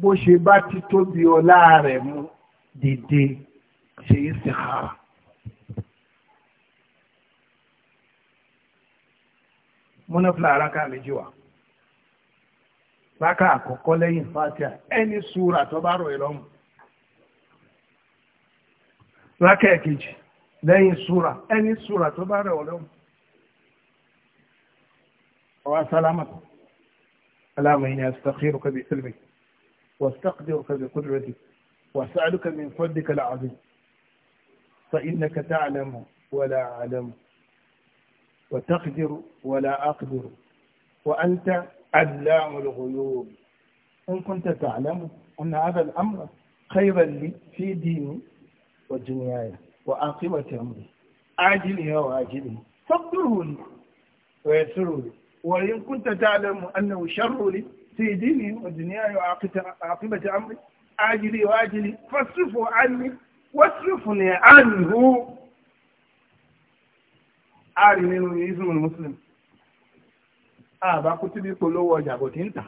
bó ṣe bá ti tóbi ọlá rẹ̀ mú dìde ṣe istikhara. múnáfìlà araka méjì wà rákà àkọ́kọ́ lẹ́yìn fatiha ẹni súra tó bá rọ̀ ìlọ́mù rákà ẹ̀kejì lẹ́yìn súra ẹni súra tó bá rọ̀ ìlọ́mù ọwọ́ sálámà aláàmì ni astaghiruka bi ilmi واستقدرك بقدرتك واسألك من فضلك العظيم فإنك تعلم ولا أعلم وتقدر ولا أقدر وأنت علام الغيوب إن كنت تعلم أن هذا الأمر خيرا لي في ديني ودنياي وعاقبة أمري عاجله وآجله فاقدره لي ويسره لي وإن كنت تعلم أنه شر لي في ديني ودنياي وعاقبة أمري آجلي وآجلي فاصرفه عني واصرفني عنه ààrin nínú ismul muslim àbá kú tí bí polówó ọjà kò tí ń tà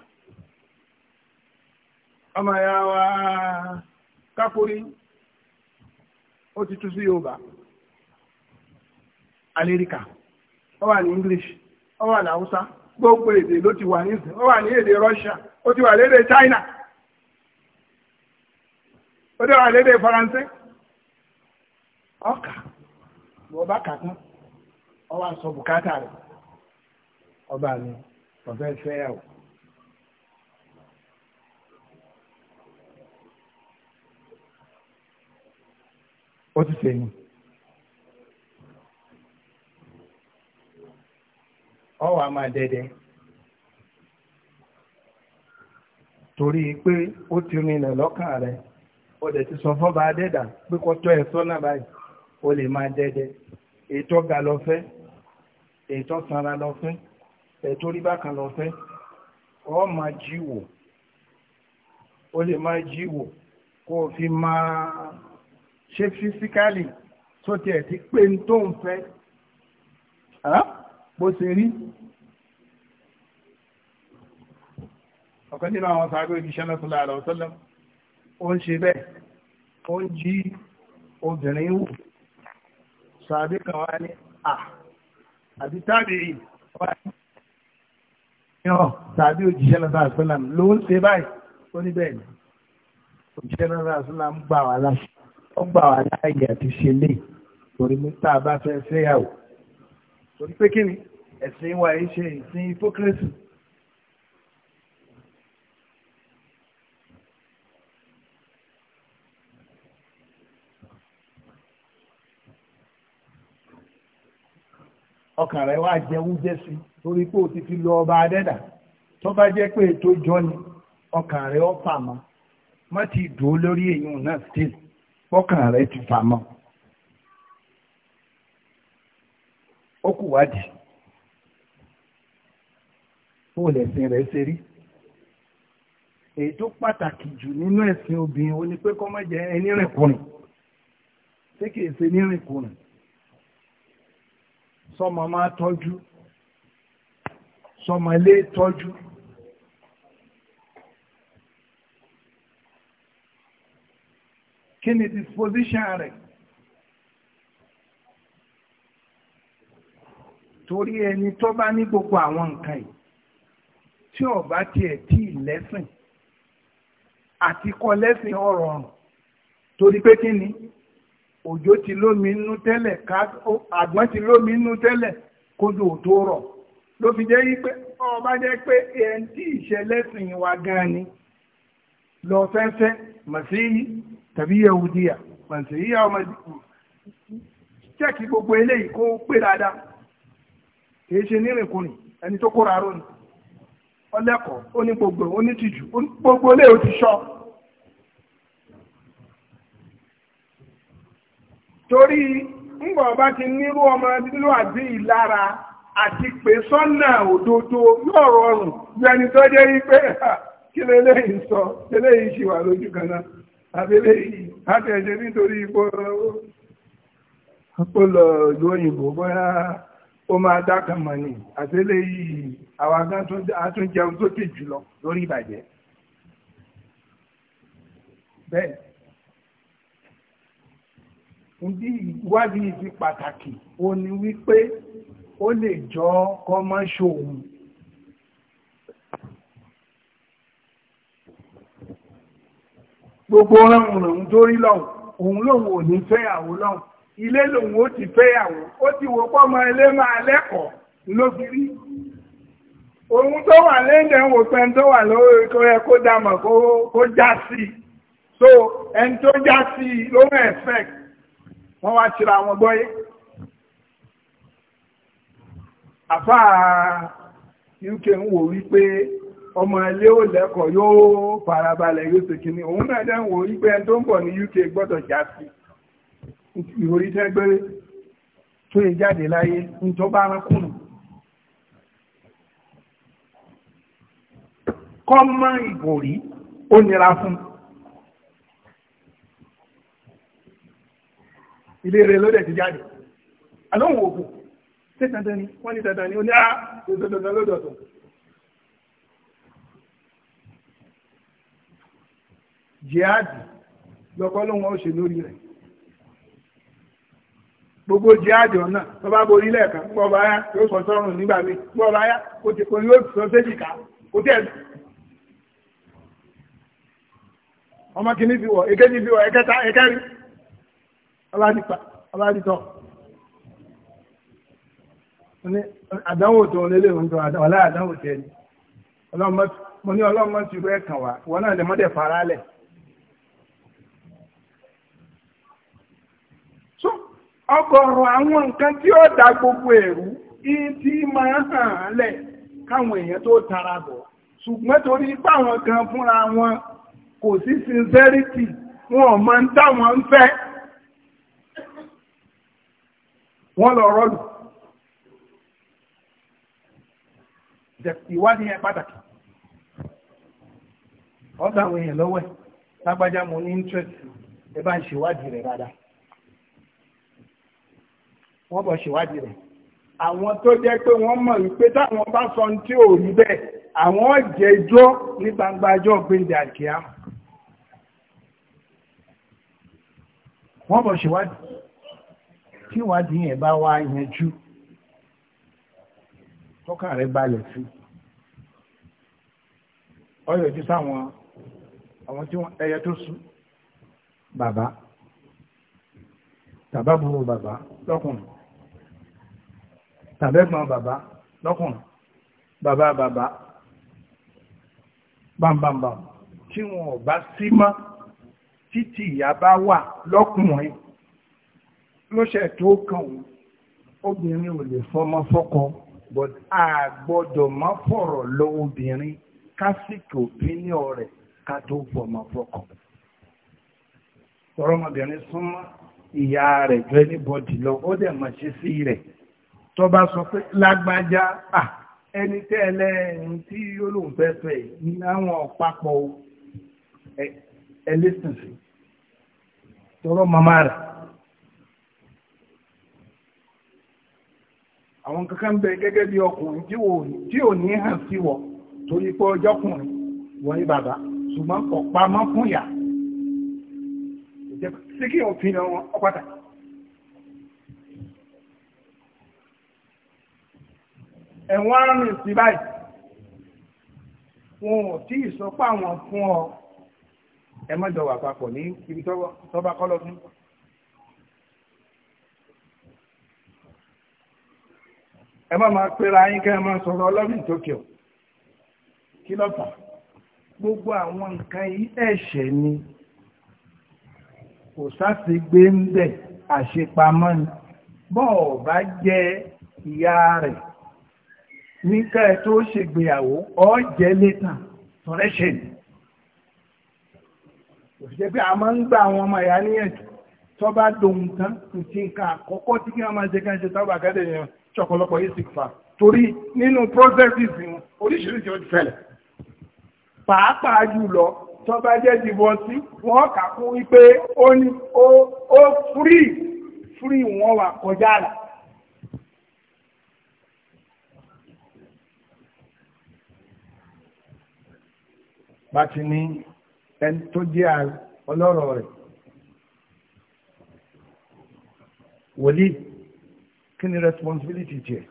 ọmọ ya wa kápórí ó ti tú sí yorùbá amẹ́ríkà ó wà ní english ó wà ní haúsá gbogbo èdè ló ti wà ní ìsìn ó wà ní èdè Russia ó ti wà lédè China ó ti wà lédè Faransé ọkà wọ́n bá kà tán bùkátà rẹ̀ ọba mi ọ̀fẹ́ fẹ́ ó ti sèyìn. ọ wà máa dẹdẹ torí pé ó ti rinlẹ̀ lọ́kàn rẹ̀ ó dẹ̀ ti sọ fọ́ba adẹ́dà pé kó tọ́ ẹ sọ́nà báyìí ó lè máa dẹdẹ ètò ga lọ fẹ́ ètò sanra lọ fẹ́ ètò rí bákan lọ fẹ́ ọ máa jí wò ó lè máa jí wò kó o fi máa ṣe fisikálì tó tiẹ̀ ti pé ń tó ń fẹ́ bó ṣe rí ọ̀kan nínú àwọn sàárè òjíṣẹ́ náà sọ́lá àlọ́ sọ́lá ó ń ṣe bẹ́ẹ̀ ó ń jí obìnrin wù sàárè kan wá ní à àbí tábì wá ní ọ̀ sàárè òjíṣẹ́ náà sọ́lá sọ́lá ló ń ṣe báyìí ó ní bẹ́ẹ̀ ni òjíṣẹ́ náà sọ́lá ń gbà wá láṣẹ ó gbà wá láàyè àti ṣe lé bá fẹ́ fẹ́yàwó torí pé kí ni ẹ̀sìn wa yìí ṣe ìsìn hypocrisy. ọkàn rẹ̀ wá jẹun jẹ́sí torí pé o ti fi lọ ọba adẹ́dà tó bá jẹ́ pé ètò jọ ni ọkàn rẹ̀ ọ fàmọ́ má ti dùn lórí èèyàn náà still ọkàn rẹ̀ ti fàmọ́. ó kù wádìí bó lẹ̀sìn rẹ̀ ṣe rí èyí tó pàtàkì jù nínú ẹ̀sìn obìnrin ó ní pé kọ́ mọ́ jẹ́ ẹni rìnkùnrin tí kìí ṣe ní rìnkùnrin sọmọ máa tọ́jú sọmọ lé tọ́jú kí ni disposition rẹ̀ torí ẹni tó bá ní gbogbo àwọn nǹkan yìí tí ó bá tiẹ̀ tí lẹ́sìn àti kọ́ lẹ́sìn ọ̀rọ̀ ọ̀rùn torí pé kí ni òjò ti lómi nú tẹ́lẹ̀ ká àgbọ̀n ti lómi nú tẹ́lẹ̀ kódò tó rọ̀ ló fi jẹ́ yí pé ọba jẹ́ pé ẹni tí ìṣẹ̀lẹ́sìn wa gan ni lọ fẹ́fẹ́ màsíyí tàbí yẹwùdíyà màsíyí àwọn ọmọdé jẹ́ kí gbogbo eléyìí kó pé dáadáa kìí ṣe nírìnkùnrin ẹni tó kóra ró ni ọlẹ́kọ̀ọ́ ó ní gbogbo ó ní tìjú gbogbo o ti sọ. torí ọba ti nírú ọmọ nílò àbí ìlara àti pé sọ́nà òdodo yóò rọrùn ju ẹni tó jẹ́ wípé kí lélẹ́yìn sọ lélẹ́yìn ṣì wà lójú kan náà àbí lẹ́yìn láti nítorí ọ̀rọ̀ ó ó máa dákan mọ̀ ní àtẹ́lẹ̀ yìí àwọn agán tún jẹun sókè jùlọ lórí ìbàjẹ́ bẹ́ẹ̀ ndí ìwádìí ti pàtàkì ó ní wípé ó lè jọ kọ́mọ́ṣòun gbogbo ọ̀rọ̀ òun tó rí lọ́hùn òun lòun ò ní fẹ́ àwọn ilé lòun ó ti fẹ́yàwó ó ti wò pọ́mọ ilé máa lẹ́kọ̀ọ́ ló fi ohun tó wà lẹ́yìn wò pé ẹni tó wà lórí tó yẹ kó dámọ̀ kó já sí so ẹni tó já sí ló ń effect wọ́n wá tira wọn gbọ́yé àfa uk ń wò wípé ọmọ ilé ò lẹ́kọ̀ọ́ yóò farabalẹ̀ yóò ṣe òun náà dẹ́ ń wò wípé ẹni tó ń bọ̀ ní uk gbọ́dọ̀ já sí i ìròrí tẹ́gbẹ́rẹ́ tó yẹ jáde láyé ń tọ́ bá arákùnrin kọ́ mọ́ ìbòrí ó nira fún ilé rẹ̀ lọ́dẹ̀ ti jáde alóhùn òkú ṣé dandan ni wọ́n ní dandan ni ó ní á ah, lọ́dọ̀tọ̀ jihadi lọ́kọ́ lóhun ó lórí rẹ̀ gbogbo jíájọ náà tọba bá borí lẹ́ẹ̀kan pọ̀ bá yóò sọ sọ́run nígbà mi pọ̀ bá kò tí kò yóò sọ séjì ká kò tẹ̀. ọmọ kìíní fi wọ̀ èkejì fi wọ̀ àdánwò tó lélẹ̀ àdánwò ọlọ́mọ ti rú ẹ̀kàn wá wọn náà lè ọgọ́rùn àwọn nǹkan tí ó dá gbogbo ẹ̀rú tí máa hàn án lẹ̀ káwọn èèyàn tó tara bọ̀ ṣùgbọ́n torí páwọn kan fúnra wọn kò sí sincerity wọn ò mọ táwọn ń fẹ́ wọ́n lọ rọ́lù ìwádìí yẹn pàtàkì ọ̀dọ̀ àwọn èèyàn lọ́wọ́ lágbájá mo ní interest ẹ bá ń ṣèwádìí rẹ̀ dáadáa wọ́n bọ̀ ṣèwádìí rẹ̀ àwọn tó jẹ́ pé wọ́n mọ̀ wípé táwọn bá sọ ní tí ò rí bẹ́ẹ̀ àwọn jẹjọ́ ní gbangba ọjọ́ gbẹ̀ndẹ̀ àkíyá wọ́n bọ̀ ṣèwádìí tí ìwádìí yẹn bá wá yanjú tọ́ka rẹ̀ balẹ̀ sí ọyọ̀ ojú sáwọn àwọn tí wọ́n ẹyẹ tó sùn bàbá tàbá burú bàbá lọ́kùnrin tàbẹ́gbọ́n bàbá lọ́kùnrin bàbá bàbá bàbàbàm tí wọn ò bá sí mọ́ títí ìyá bá wà lọ́kùnrin lóṣẹ̀ tó kàn wọ́n obìnrin ò lè fọmọ fọ́kọ but a gbọ́dọ̀ má fọ̀rọ̀ lọ obìnrin kásìkò opinion rẹ̀ ká tó fọmọ fọ́kọ. ọ̀rọ̀ súnmọ́ ìyá rẹ̀ jọ anybody lọ ó dẹ̀ mọ̀ ṣe sí rẹ̀. tọba bá sọ pé a ẹni tẹ́ ẹlẹ́rìn tí olóhùn fẹ́ fẹ́ ní àwọn ọ̀pápọ̀ ẹlẹ́sìnsì tọrọ màmá rẹ̀. àwọn kankan bẹ gẹ́gẹ́ bí ọkùnrin tí ò ní hàn sí wọ torí pé ọjọ́kùnrin wọ́n bàbá ṣùgbọ́n fún yà. kí òfin ẹ̀wọ̀n rìn sí báyìí wọn ò tí ì sọ pé àwọn fún ọ ẹ má jọ wà papọ̀ ní ibi tọ́ba kọ́ lọ́dún. ẹ má máa pera yín kẹ́ ẹ máa sọ̀rọ̀ ọlọ́run Tokyo kí ló fà gbogbo àwọn nǹkan yìí ẹ̀ṣẹ̀ ni kò sáti gbé ń bẹ̀ àṣepamọ́ ni bọ́ọ̀ bá jẹ ìyá rẹ̀ ní ká ẹ tó ṣègbéyàwó ọ jẹ́ létà tọ́rẹ́ṣìn òṣìṣẹ́ pé a máa ń gba àwọn ọmọ ìyá níyànjú tó bá dohun tán kò sí nǹkan àkọ́kọ́ tí kí wọ́n máa ṣe kí wọ́n ṣe tọ́ba kẹ́tẹ̀ yẹn ṣọ̀pọ̀lọpọ̀ yìí sì fà torí nínú processes wọn oríṣiríṣi ó ti fẹ̀lẹ̀ pàápàá jùlọ tó bá jẹ́ divorce wọ́n kà fún wípé ó ní ó free free wọ́n wà kọjá àlà bá ti ní ẹni tó jẹ́ ọlọ́rọ̀ rẹ̀ wòlíì kí ni responsibility tiẹ̀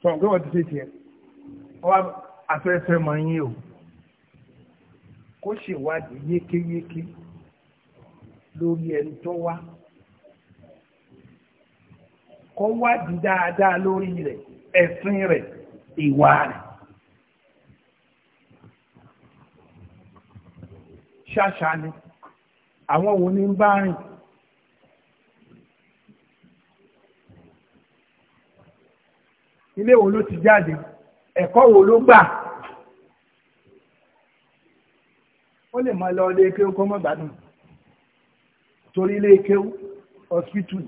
tọ́n gbé wọ́n ti ṣe tiẹ̀ wọ́n afẹ́fẹ́ mọ̀ yín o kó ṣèwádìí yékéyéké lórí ẹni tó wá kó wádìí dáadáa lórí rẹ̀ ẹ̀sìn rẹ̀ ìwà rẹ̀. ṣàṣà ni àwọn wo ni ń bá rìn ilé wo ló ti jáde ẹ̀kọ́ wo ló gbà ó lè máa lọ ilé kéwú kó mọ́ gbádùn torí ilé kéwú hospital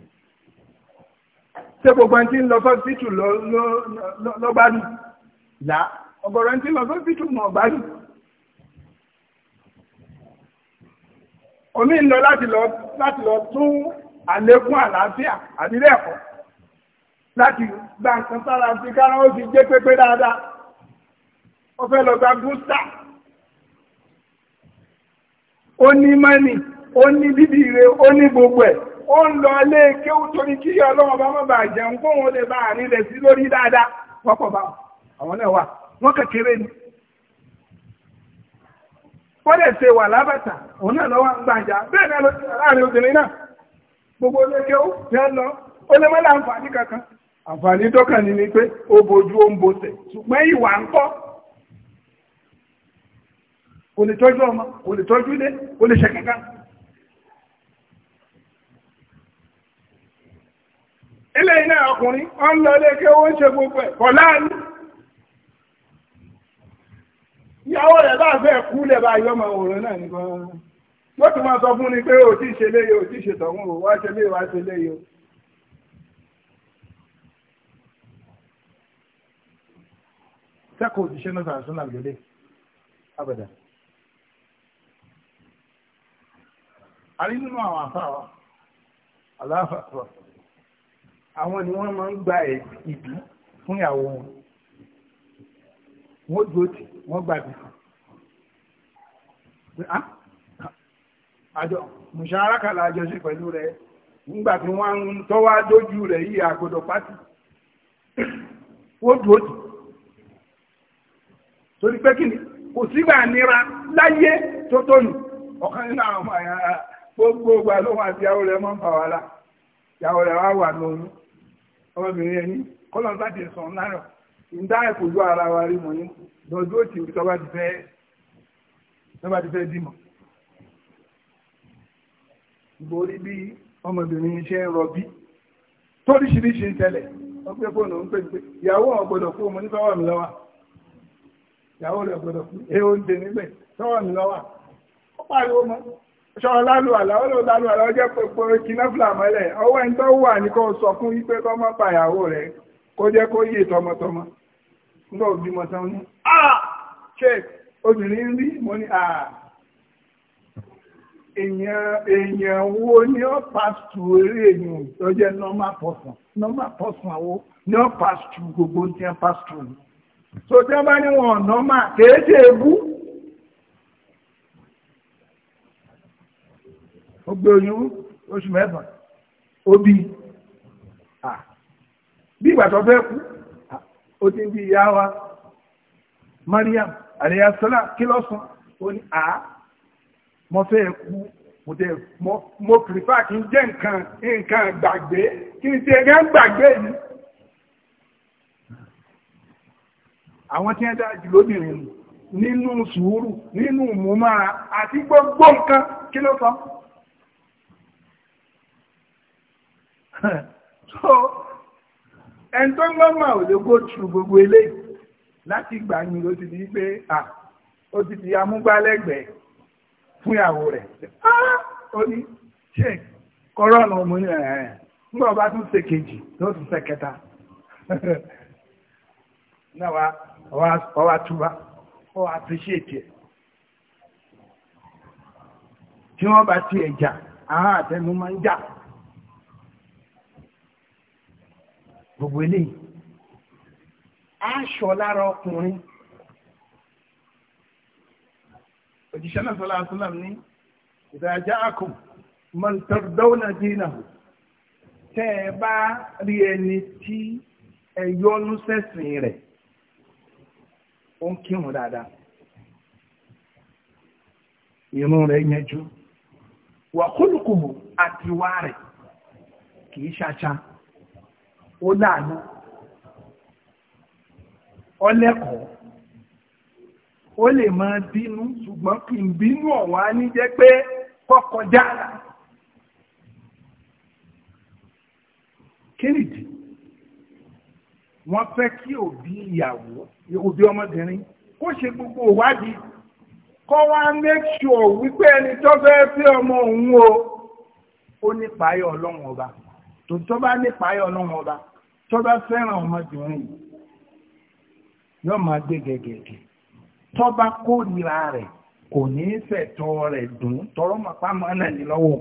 ṣé gbogbo ẹni tí ń lọ hospital lọ gbádùn là ọ̀gọ̀rọ̀ ẹni tí ń lọ hospital mọ̀ gbádùn. omi ń lọ láti lọ tún àlékún àlàáfíà àbí lẹ́ẹ̀kọ́ láti gba nǹkan sára sí kára ó fi jẹ́ pépé dáadáa ó fẹ́ lọ gba bústà ó ní mọ́nì ó ní bíbí ire ó ní gbogbo ẹ̀ ó ń lọ ilé kéwú torí kí ọlọ́wọ́ bá mọ́bà jẹun kóhun lè bá àárín rẹ̀ sí lórí dáadáa wọ́pọ̀ bá àwọn náà wà wọ́n kékeré ni wọ́n dẹ̀ ṣe wà lábàtà òun náà lọ́wọ́ gbàǹjà bẹ́ẹ̀ náà láàrin obìnrin náà gbogbo olókè ó jẹ́ lọ ó lè mọ́lá àǹfààní kankan àǹfààní tọ́kàn ní ni pé ó bojú ó ń bosẹ̀ ṣùgbọ́n ìwà ń kọ́ kò lè tọ́jú ọmọ kò lè tọ́jú ilé kò lè ṣe kankan. ọkùnrin ń lọ kí ń ṣe gbogbo ẹ̀ kọ̀ ìyàwó rẹ̀ bá fẹ́ kú lẹ̀ bá yọ ọmọ òòrùn náà nìkan wọ́n ti máa sọ fún ni pé òtí ṣe léyìí òtí ṣe tọ̀hún o wá ṣe léyìí wá léyìí o. sẹ́kọ̀ òjíṣẹ́ náà sàrẹ̀ sọ́nà àgbẹ̀lẹ̀ abẹ̀dà. a rí nínú àwọn àfáà aláfàá àwọn ni wọ́n máa ń gba ìbí fún ìyàwó wọn. wọ́n dúró tì wọ́n gbàgbé kan pé ah, pẹ̀lú rẹ nígbà tí wọ́n ń tọ́wá dójú rẹ̀ àgbọ̀dọ̀ pátì wọ́n dúró tì torí pé kí ni kò sígbà nira láyé tó tónù ọ̀kan nínú àwọn ọmọ rẹ̀ ń fà wàhálà rẹ̀ wá wà lóyún ọmọbìnrin ẹni kọ́lọ́n sàn ń dá ju ara wa rí wọ̀nyí lọ́jọ́ òtí ibi tọ́ba ti fẹ́ tọ́ba ti Ìgbòrí bí ọmọbìnrin iṣẹ́ rọbí tẹ́lẹ̀ fóònù ń ìyàwó ọ̀gbọ̀dọ̀ fún ọmọ nífẹ̀ẹ́ mi lọ́wọ́ ìyàwó rẹ̀ ọ̀gbọ̀dọ̀ fún ẹ oúnjẹ níbẹ̀ mi ó pariwo mọ́ lálù ó lò lálù ó jẹ́ fúlàmọ́lẹ̀ ọwọ́ ẹni tó wà ní pa ìyàwó rẹ̀ kó jẹ́ kó tọmọtọmọ nígbà òbí mọ̀ tán ní ah check obìnrin rí mọ́ ní ah èèyàn wo ni ó pass through eré èèyàn tó jẹ́ normal person normal person àwo ni ó pass through gbogbo tí wọ́n pass through so tí wọ́n bá ní wọn normal kéèké ebú. ó gbé oyún oṣù mẹ́fà ó bí ah. bí ìgbà tó fẹ́ kú ó ti ń bí ìyá wa Mariam àríyásọ́lá kí lọ́sàn ó ní à mo fẹ́ kú mo tẹ mo prefer kí n jẹ́ nǹkan nǹkan gbàgbé kí n tẹ gán gbàgbé yìí. àwọn tí wọ́n dá jù lóbìnrin nínú sùúrù nínú ìmúmára àti gbogbo nǹkan kí ló sọ. ẹni tó lọ́mọ ò lè go through gbogbo eléyìí láti ìgbà yìí ló ti di pé à ó ti di amúgbálẹ́gbẹ̀ẹ́ fún ìyàwó rẹ̀ ó ní ṣe kọ́rọ́ọ̀nù ọmọ ní ẹ̀ẹ́ nígbà bá tún ṣe kejì ló tún ṣe kẹta náà wá ọwá túbá ọwá àpíṣètì ẹ̀ tí wọ́n bá ti ẹ̀jà àwọn àtẹnu ń jà gbogbo eléyìí aṣọ lára ọkùnrin òjíṣẹ́ náà sọ́lá àtúnlàm ní ìdájá àkùn mọ̀tàdọ́nà dínà tẹ́ ẹ bá rí ẹni tí ẹ yọ́nú sẹ́sìn rẹ̀ ó ń kírun dáadáa irun rẹ̀ yẹjú wà àtiwá rẹ̀ kì í ó láàánú ọlẹ́kọ̀ọ́ ó lè máa bínú ṣùgbọ́n kì í bínú ọ̀wọ́n á ní jẹ́ pé kọ́kọ́ dára kírìtì wọ́n fẹ́ kí òbí ìyàwó òbí ọmọbìnrin kó ṣe gbogbo ìwádìí kọ́ wá make sure wípé ẹni tó fẹ́ fẹ́ ọmọ òun o ó nípa ayọ̀ ọlọ́run ọba tòótọ́ bá nípa ayọ̀ ọlọ́run ọba tó bá fẹ́ràn ọmọbìnrin yóò máa gbé gẹ̀gẹ̀gẹ̀ tó bá kórìíra rẹ̀ kò ní í fẹ̀tọ́ rẹ̀ dùn tọrọ màpá máa nà ní lọ́wọ́.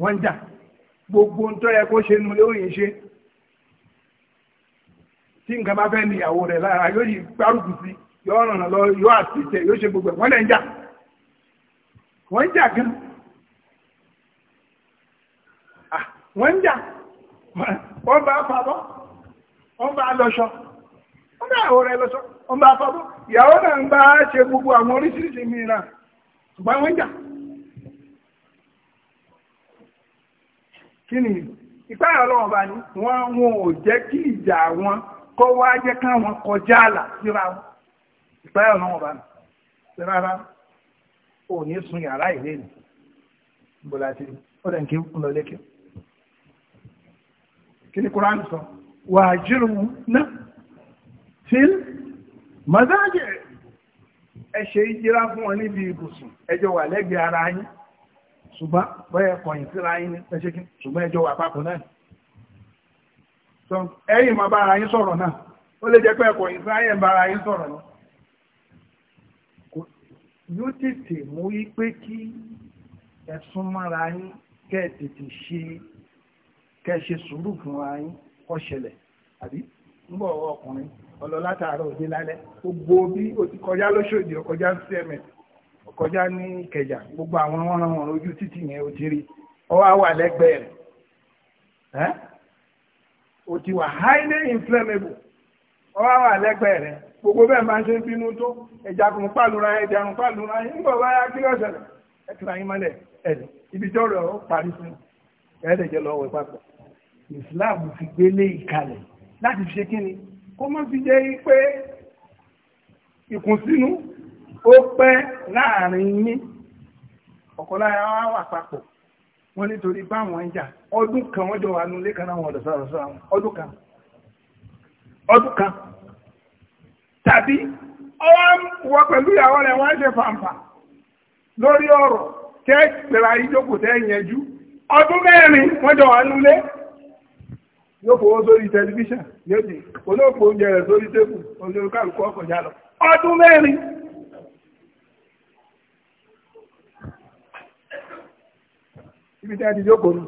wọ́n jà gbogbo ń ṣe nulẹ̀ ṣe wọ́n ń jà gan wọ́n ń jà wọ́n bá fàbọ́ wọ́n bá lọ́ṣọ́ wọ́n bá àwọ̀ rẹ̀ lọ́ṣọ́ wọ́n bá fàbọ́ ìyàwó náà ń bá ṣe gbogbo àwọn oríṣiríṣi mìíràn ṣùgbọ́n wọ́n ń jà kí ni ìpá ọlọ́wọ́n bá ní wọ́n wọn ò jẹ́ kí ìjà wọn kọ́ wá jẹ́ káwọn kọjá àlà síra wọn ìpá ọlọ́wọ́n bá ní ò ní sun yàrá ìwé nì bó láti ó dẹ̀ kí ń lọ lékè kí ni Quran sọ wà á jírù náà fíl mazájẹ ẹ ṣe ìjírá fún wọn níbi ibùsùn ẹjọ wà lẹ́gbẹ̀ẹ́ ara yín ṣùgbọ́n bọ́yẹ kọ̀yìn síra yín ní ẹṣẹ́ kí ṣùgbọ́n ẹjọ́ wà papọ̀ náà ẹ̀yìn máa bá ara sọ̀rọ̀ náà ó lè jẹ́ pé ẹ̀kọ̀yìn síra yẹn bá sọ̀rọ̀ náà yóò tètè mú yí pé kí ẹ̀sùn yín kẹ́ tètè ṣe kẹ́ ẹ ṣe sùúrù fúnra yín àbí ọkùnrin ọlọ látàárọ̀ òde lálẹ́ gbogbo bí o kọjá lóṣòdì ọkọjá cms ọkọjá ní ìkẹjà gbogbo àwọn wọn ojú títì yẹn o ti ọwọ́ gbogbo bẹ́ẹ̀ máa ṣe ń bínú tó ẹ̀jà kùn pàlùra ẹ̀jà kùn pàlùra nígbà wá yá kí ṣẹlẹ̀ yín mọ́lẹ̀ ẹ̀dẹ̀ ibi tí ọ̀rọ̀ parí sí ẹ̀ẹ́dẹ̀ jẹ́ lọ́wọ́ ìpapọ̀ Islam fi gbélé ìkalẹ̀ láti ṣe kí ni kó má fi jẹ́ pé ìkùnsínú ó pẹ́ láàrin yín lára wà papọ̀ wọ́n nítorí tàbí ọwọ́ wọ pẹ̀lú ìyàwó rẹ̀ wọ́n ṣe fàǹfà lórí ọ̀rọ̀ tẹ́ pẹ̀lú àyíjókòó tẹ́ ìyẹnjú ọdún mẹ́rin wọ́n jọ wà nílé yóò fowó sórí tẹlifíṣàn yóò di olóòpó oúnjẹ rẹ̀ sórí tébù olórúkàlùkù ọkọ̀já lọ ọdún mẹ́rin ibi tí a ti jókòó nù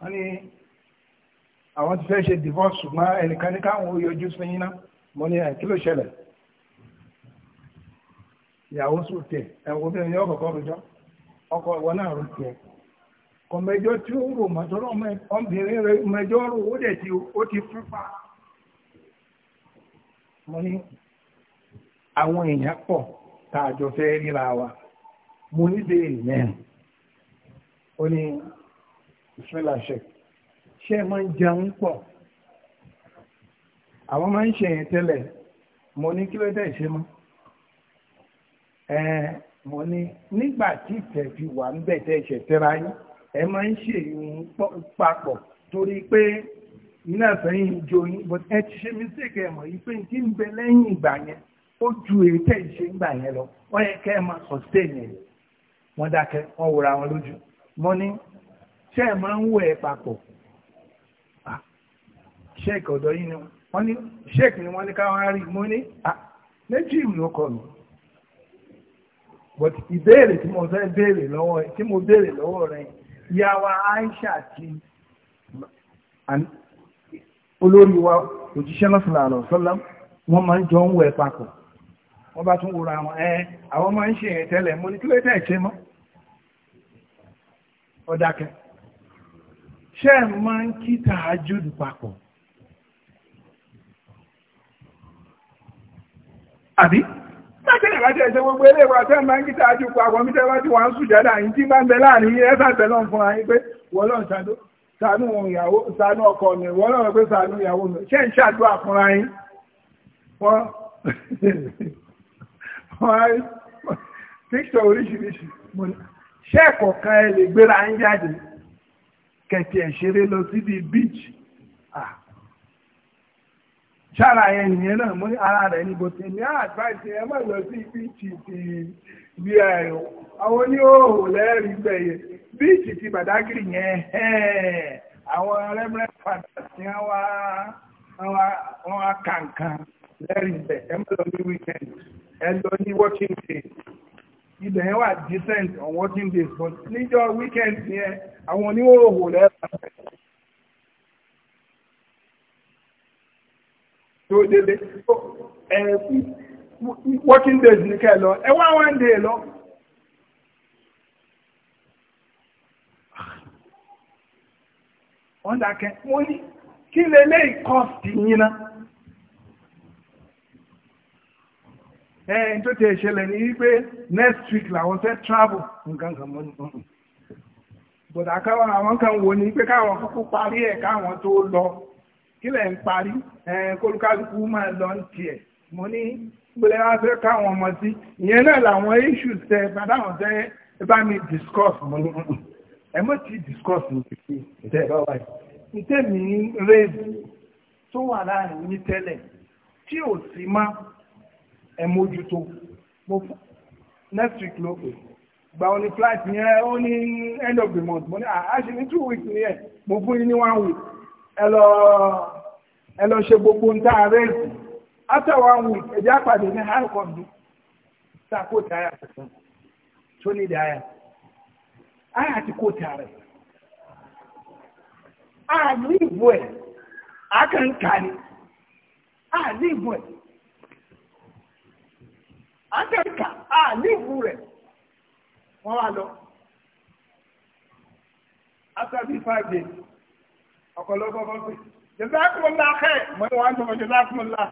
wọ́n ní àwọn ti fẹ́ ṣe divorce ṣùgbọ́n ẹnìkan ní káwọn ó yọjú sí yín náà mo ní kí ló ṣẹlẹ̀ ìyàwó sùn tiẹ̀ ẹ̀wọ̀n bí ẹni ọkọ̀ rojọ́ ìwọ náà rò tiẹ̀ mẹjọ tí ó rò mọ̀tọ́rọ̀ ọmọbìnrin rẹ mẹjọ rò ó ti ó ti fún pa ní àwọn èèyàn pọ̀ tá a jọ ríra wa mo ní ó ní àwọn máa ń ṣe yẹn tẹ́lẹ̀ mo ní kí ló dẹ̀ ṣe mọ́ ẹ mo ní nígbà tí ìtẹ̀ fi wà ń bẹ̀ tẹ́ ṣẹ̀ tẹ́ra yín ẹ máa ń ṣe ìhun papọ̀ torí pé iná sẹ́yìn jo yín but ẹ ti ṣe mistake ẹ mọ̀ yìí pé kí n bẹ lẹ́yìn ìgbà yẹn ó ju èyí tẹ̀ ṣe ń yẹn lọ ó yẹ kẹ́ ẹ máa sustain yẹn wọ́n dákẹ́ wọ́n wòra wọn lójú mo ní ṣé ẹ máa ń wọ ẹ papọ̀ ah, ṣé ìkọ̀dọ̀ yín ni wọ́n wọ́n ní sheik ni wọ́n ní káwọn rí mú ní méjì ló kọ lù but ìbéèrè tí mo fẹ́ béèrè lọ́wọ́ tí mo béèrè lọ́wọ́ rẹ̀ ìyá wa Aisha ti olórí wa òjíṣẹ́ lọ́sọ̀lá àlọ́sọ́lá wọ́n máa ń jọ ń wẹ̀ papọ̀ wọ́n bá tún wúra wọn ẹ àwọn máa ń ṣe èyàn tẹ́lẹ̀ mo ní kí ló tẹ́ ṣe mọ́ ọ̀dàkẹ́ ṣe máa ń kí tàájúdù papọ̀ àbí lákẹ́lẹ̀ bá jẹ́ ìṣẹ́gbogbo eré ìwà tẹ́ máa ń kí tàájú pa àwọn mítẹ́ wá tí wà ń sùn jádà yìí tí bá ń bẹ láàrin yìí ẹ́sà tẹ́lọ fún ayé pé wọ́lọ́ ṣàánú ìyàwó ṣàánú ọkọ mi wọ́lọ́ pé ṣàánú ìyàwó ẹ lè gbéra ń jáde kẹ̀kẹ́ ṣeré lọ sí bíi beach ah, ṣára yẹn nìyẹn náà mo ní ara rẹ ní bó ṣe ní àdváìsì ẹ má lọ sí bíìtì ti bí ẹ o àwọn oníhòòhò lẹ́rìí gbẹ̀yẹ bíìtì ti bàdágìrì yẹn àwọn rẹ́mìrẹ́ padà sí àwọn akàǹkàn lẹ́rìí bẹ̀ ẹ má lọ ní weekend ẹ lọ ní working days ibẹ̀ yẹn wà decent on working days but níjọ́ weekend yẹn àwọn oníhòòhò lẹ́rìí tó délé working days ní kẹ́ lọ ẹ wá one day lọ. wọ́n dákẹ́ wọ́n ní kí lè lé ìkọ́sì yín ná. ẹ̀ẹ́n tó ti ṣẹlẹ̀ ní wípé next week làwọn fẹ́ travel nǹkan kan mọ́ nínú bọ̀dà káwọn àwọn kan wò ní pé káwọn kúkú parí ẹ̀ káwọn tó lọ kílẹ̀ ń parí kólúkálukú máa lọ ń tiẹ̀ mo ní gbọ́dọ̀ wá fẹ́ káwọn ọmọ sí ìyẹn náà làwọn issues tẹ bàbá àwọn tẹ ẹ bá mi discuss mo ní ẹ mọ̀ tí discuss mo ti fi ìtẹ́ ẹ bá wà yìí ìtẹ́ mi ń raise tó wà láàrin ní tẹ́lẹ̀ tí ò sí má ẹ mójútó mo fún next week ló pè gba ọ ní flight yẹn ó ní end of the month mo ní àṣìní ah, two weeks ni ẹ mo fún yín ní one week. ẹ ọ ṣe gbogbo ń tá a rẹ́ẹ̀sì after one week àpàdé ní halcon tá a kó tààyà tuntun tó ní dáyà àyà ti kó tààrẹ̀ àní ìbò ẹ̀ àkànkà ni àní ìbò ẹ̀ àkànkà àní ìbò rẹ̀ wọ́n wá lọ after the five days. ọ̀pọ̀lọpọ̀ bọ́ pé jẹ́sàkùnmọ́lá ẹ̀ ń tọ́mọ jẹ́sàkùnmọ́lá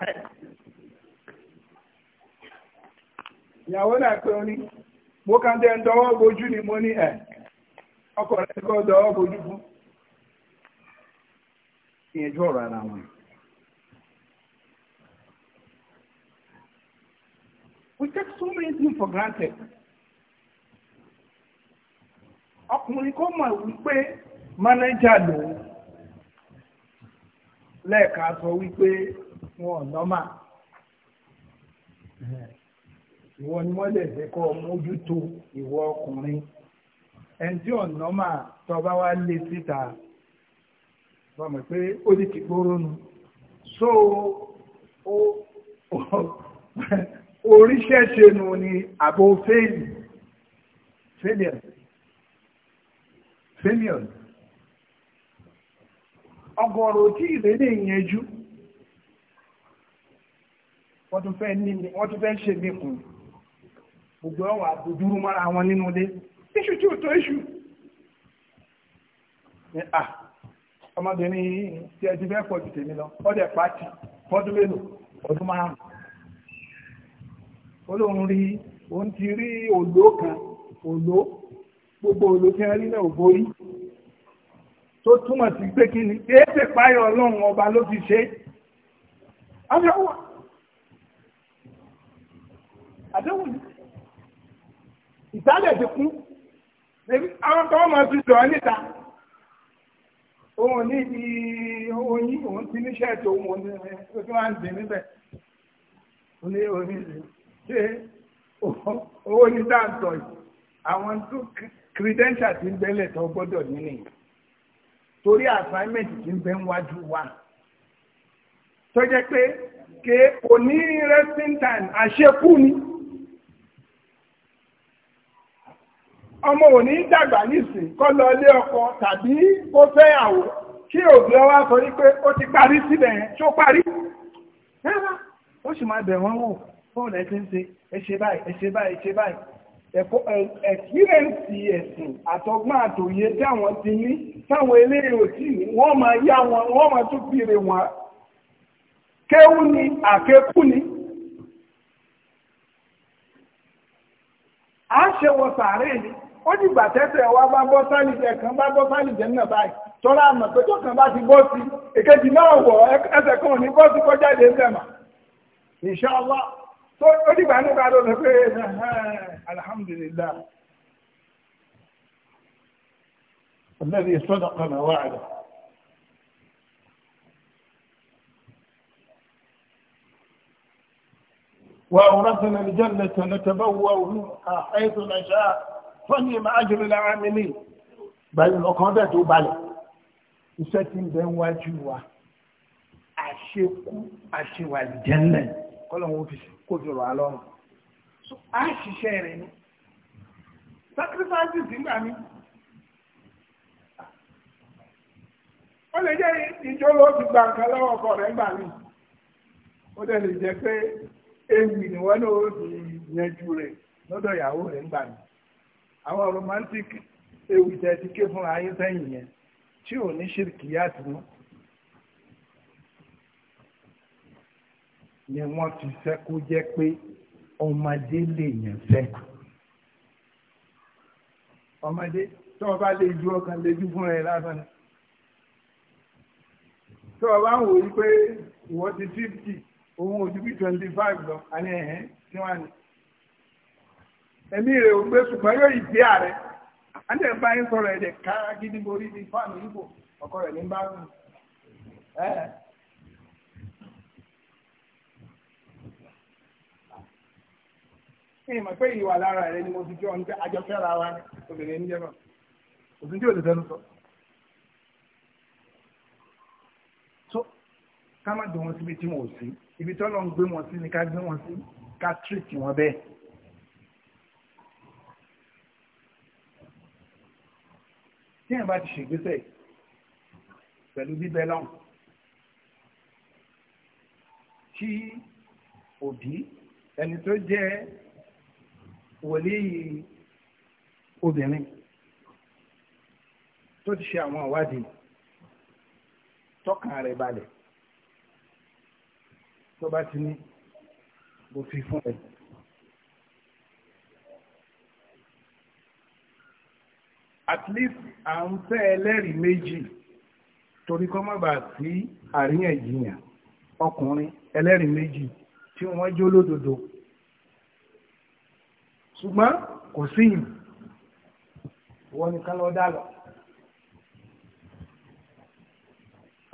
ìyàwó náà pé ó ní mo kàn tẹ́ ń dọwọ́ bojú ni mo ní ẹ̀ ọkọ rẹ̀ kọ́ dọwọ́ bojú fún. ìyẹn ọ̀rọ̀ ara wọn. We take so many things for granted. ọkùnrin kò mọ̀ wípé mánéjà lòun lẹ́ẹ̀ka sọ wípé wọn ò nọ́mà ìwọ ni wọ́n lè fẹ́ kọ́ mójútó ìwọ ọkùnrin ẹni tí ò nọ́mà tọba wá lé síta bọ́mọ̀ pé ó lè ti gbóró nu so ó oríṣẹ́ṣe nu ni àbò fẹ́ẹ̀lì fẹ́ẹ̀lì fẹ́ẹ̀lì Ọgọrọ tí ìrẹ́ lè yẹnjú wọ́n tún ṣe mí gbogbo ọwà dúdúrú mara wọn nínú ilé tó iṣu ni à tí ẹ ti fẹ́ pọ̀ lọ ọdẹ pàtì fọdún mélòó ọdún márùn rí ti rí kan gbogbo tí rí náà tó túmọ̀ sí pé kí ni kéèké páyọ̀ ọlọ́run ọba ló fi ṣe àdéhùn àdéhùn ìsàlẹ̀ ti kún àwọn tó máa fi dọ̀ níta òun ní ibi oyin òun ti níṣẹ́ ètò òun ní ojú wa ń dín níbẹ̀ òní òní ṣe owó ní dáńtọ̀ yìí àwọn tó kìrìdẹ́ńṣà ti ń bẹ́lẹ̀ tó gbọ́dọ̀ nínú yìí torí assignment tí ń bẹ níwájú wa tó jẹ́ pé ké òní resting time àṣekú ni ọmọ òní dàgbà nísìn kó lọ ilé ọkọ tàbí kó fẹ́yàwó kí òbí ọwá sọ wípé ó ti parí síbẹ̀ yẹn tó parí rárá ó sì máa bẹ̀ wọ́n wò fóònù ẹ ti ń ṣe ẹ ṣe báyìí ẹ ṣe báyìí ẹ ṣe báyìí ẹ̀kọ́ ẹ̀kírẹ́ǹsì ẹ̀sìn àtọgbọ́n àtòyé táwọn ti ní táwọn eléèrò sí ní wọ́n máa yá wọn wọ́n máa tún fi rè wọn kéwú ni àkékú ni. à ń ṣe wọ sàárè ni ó dìgbà tẹ́tẹ̀ wa bá bọ́ sálìjẹ kan bá bọ́ sálìjẹ náà báyìí tọ́lá àmọ̀ pé tó bá ti bọ́ sí èkejì náà wọ̀ ẹsẹ̀ kan ò ní bọ́ sí kọjá ìdẹ́sẹ̀ mà inshallah tó ó dìgbà nígbà tó lọ pé alhamdulillah alladhi sadaqa ma wa'ada. وأورثنا الجنة نتبوأ منها حيث نشاء فنعم أجر العاملين báyìí lọ́kàn bẹ́ẹ̀ tó balẹ̀ iṣẹ́ tí ń bẹ ń wájú wa àṣekú àṣewàlì jẹ́lẹ̀ kọ́lọ̀wọ́ fi kó rọ̀ alọ́run so a ṣiṣẹ́ rẹ̀ ni sacrifices nígbà mi ó lè jẹ́ ìjọ ló ti gba nǹkan lọ́wọ́ ọkọ rẹ̀ nígbà mi ó dẹ̀ lè jẹ́ pé èmi nìwọ́n náà ó ti yanjú rẹ̀ lọ́dọ̀ ìyàwó rẹ̀ nígbà mi àwọn romantic ewì tẹ̀ ti ké fún ayé sẹ́yìn yẹn tí ò ní ṣìrìkì yá sí ni wọ́n ti fẹ́ kó jẹ́ pé ọmọdé lè yàn fẹ́ ọmọdé tó o bá lè ju ọkàn lè ju fún ẹ lásán ni tó o bá ń wò ó pé ìwọ ti fifty òun ò ju bí twenty five lọ àní ẹ̀hẹ́n tí wọ́n á ní ẹ̀mí rẹ̀ ò gbé ṣùgbọ́n yóò yìí bí ààrẹ àti ẹ̀bá yín sọ̀rọ̀ ẹ̀dẹ̀ kára gidi borí ní fáàmì ìbò ọkọ rẹ̀ ní bá wù ẹ̀ ní ìmọ̀ pé ìwà lára rẹ ni mo ti jọ ọ́n pé àjọṣe ara wa obìnrin ní jẹ́mọ̀ òsì tí ò lè fẹ́nu sọ. so ká má dùn wọn síbi tí wọn ò sí ibi tọ́lọ́ ń gbé wọn sí ni ká gbé wọn sí ká tírìtì wọn bẹ́ẹ̀. tí èèyàn bá ti ṣègbésẹ̀ pẹ̀lú bíbẹ lọ́hùn tí òbí ẹni tó jẹ́ wòlíì obìnrin tó ti ṣe àwọn ìwádìí tọ́kàn rẹ̀ balẹ̀ tó bá ti ní bó fi fún ẹ. at least à ń fẹ́ ẹlẹ́rìí méjì torí kọ́ má bàa sí àríyànjiyàn ọkùnrin ẹlẹ́rìí méjì tí wọ́n jó lódodo ṣùgbọ́n kò sí ìlú wọ́n nìkan lọ dá lọ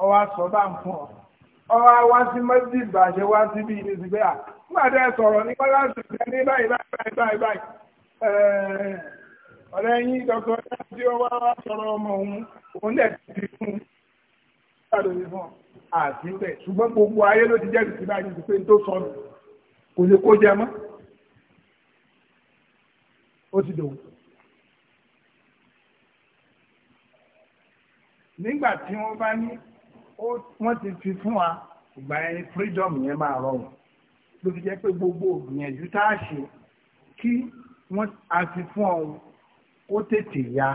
ọwọ́ aṣọ bá ń fún ọ ọwọ́ wá sí mọ́sí ìbàṣẹ wá sí bí ní ìsìgbé à nígbàdé sọ̀rọ̀ ní kọ́lá ṣùgbọ́n ní báyìí báyìí báyìí báyìí ọ̀rẹ́ yín dọ́kọ̀ tí ó wá wá sọ̀rọ̀ ọmọ òun òun dẹ̀ ti fún un àti bẹ́ẹ̀ ṣùgbọ́n gbogbo ayé ló ti jẹ́ ìsìnkú báyìí ti pé ní tó sọnù kò lè kó jẹ mọ́ ó ti dòwò. nígbà tí wọ́n bá ní wọ́n ti fi fún wa ìgbà ẹni freedom yẹn máa rọrùn ló fi jẹ́ pé gbogbo ògbìyànjú tá a ṣe kí wọ́n a fi fún ọ kó tètè yá.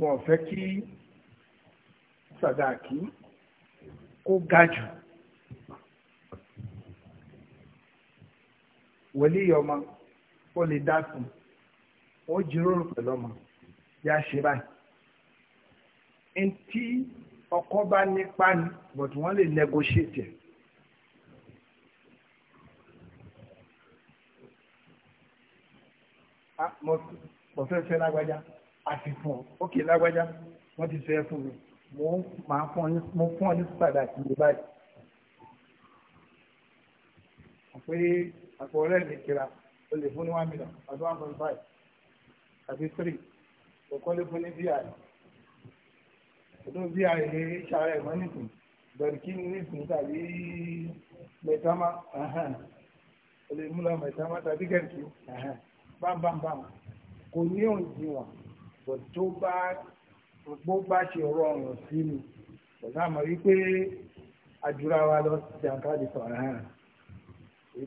wọn fẹ́ kí sàdáàkì kó ga jù. wòlíì ọmọ ó lè dá sùn ó jíròrò pẹ̀lú ọmọ bí a ṣe báyìí. Ntí ọkọ bá nípa ni but wọ́n lè negotiate ẹ̀. Ah, mo fẹ́ fẹ́ lágbájá, àti fún ọ, ókè lágbájá, wọ́n ti fẹ́ fún mi, mo máa fún ọ ní sàdá àti ìlú báyìí àpò ọ̀rẹ́ mi kira o lè fún ní one million àti one point five àti three kò kọ́ lé fún ní vi ọdún vi ní sàrẹ̀ mọ́ nìkan bẹ̀rẹ̀ kí ní nìkan tàbí mẹ̀tàmá o lè múlò mẹ̀tàmá tàbí kẹ̀kì bámbámbám kò ní òǹdíwọ̀n bọ̀ tó bá bó bá ṣe rọrùn sí mi ọ̀sán àmọ́ wípé àdúrà wa lọ jàǹkà lè sọ̀rọ̀ hàn. e ń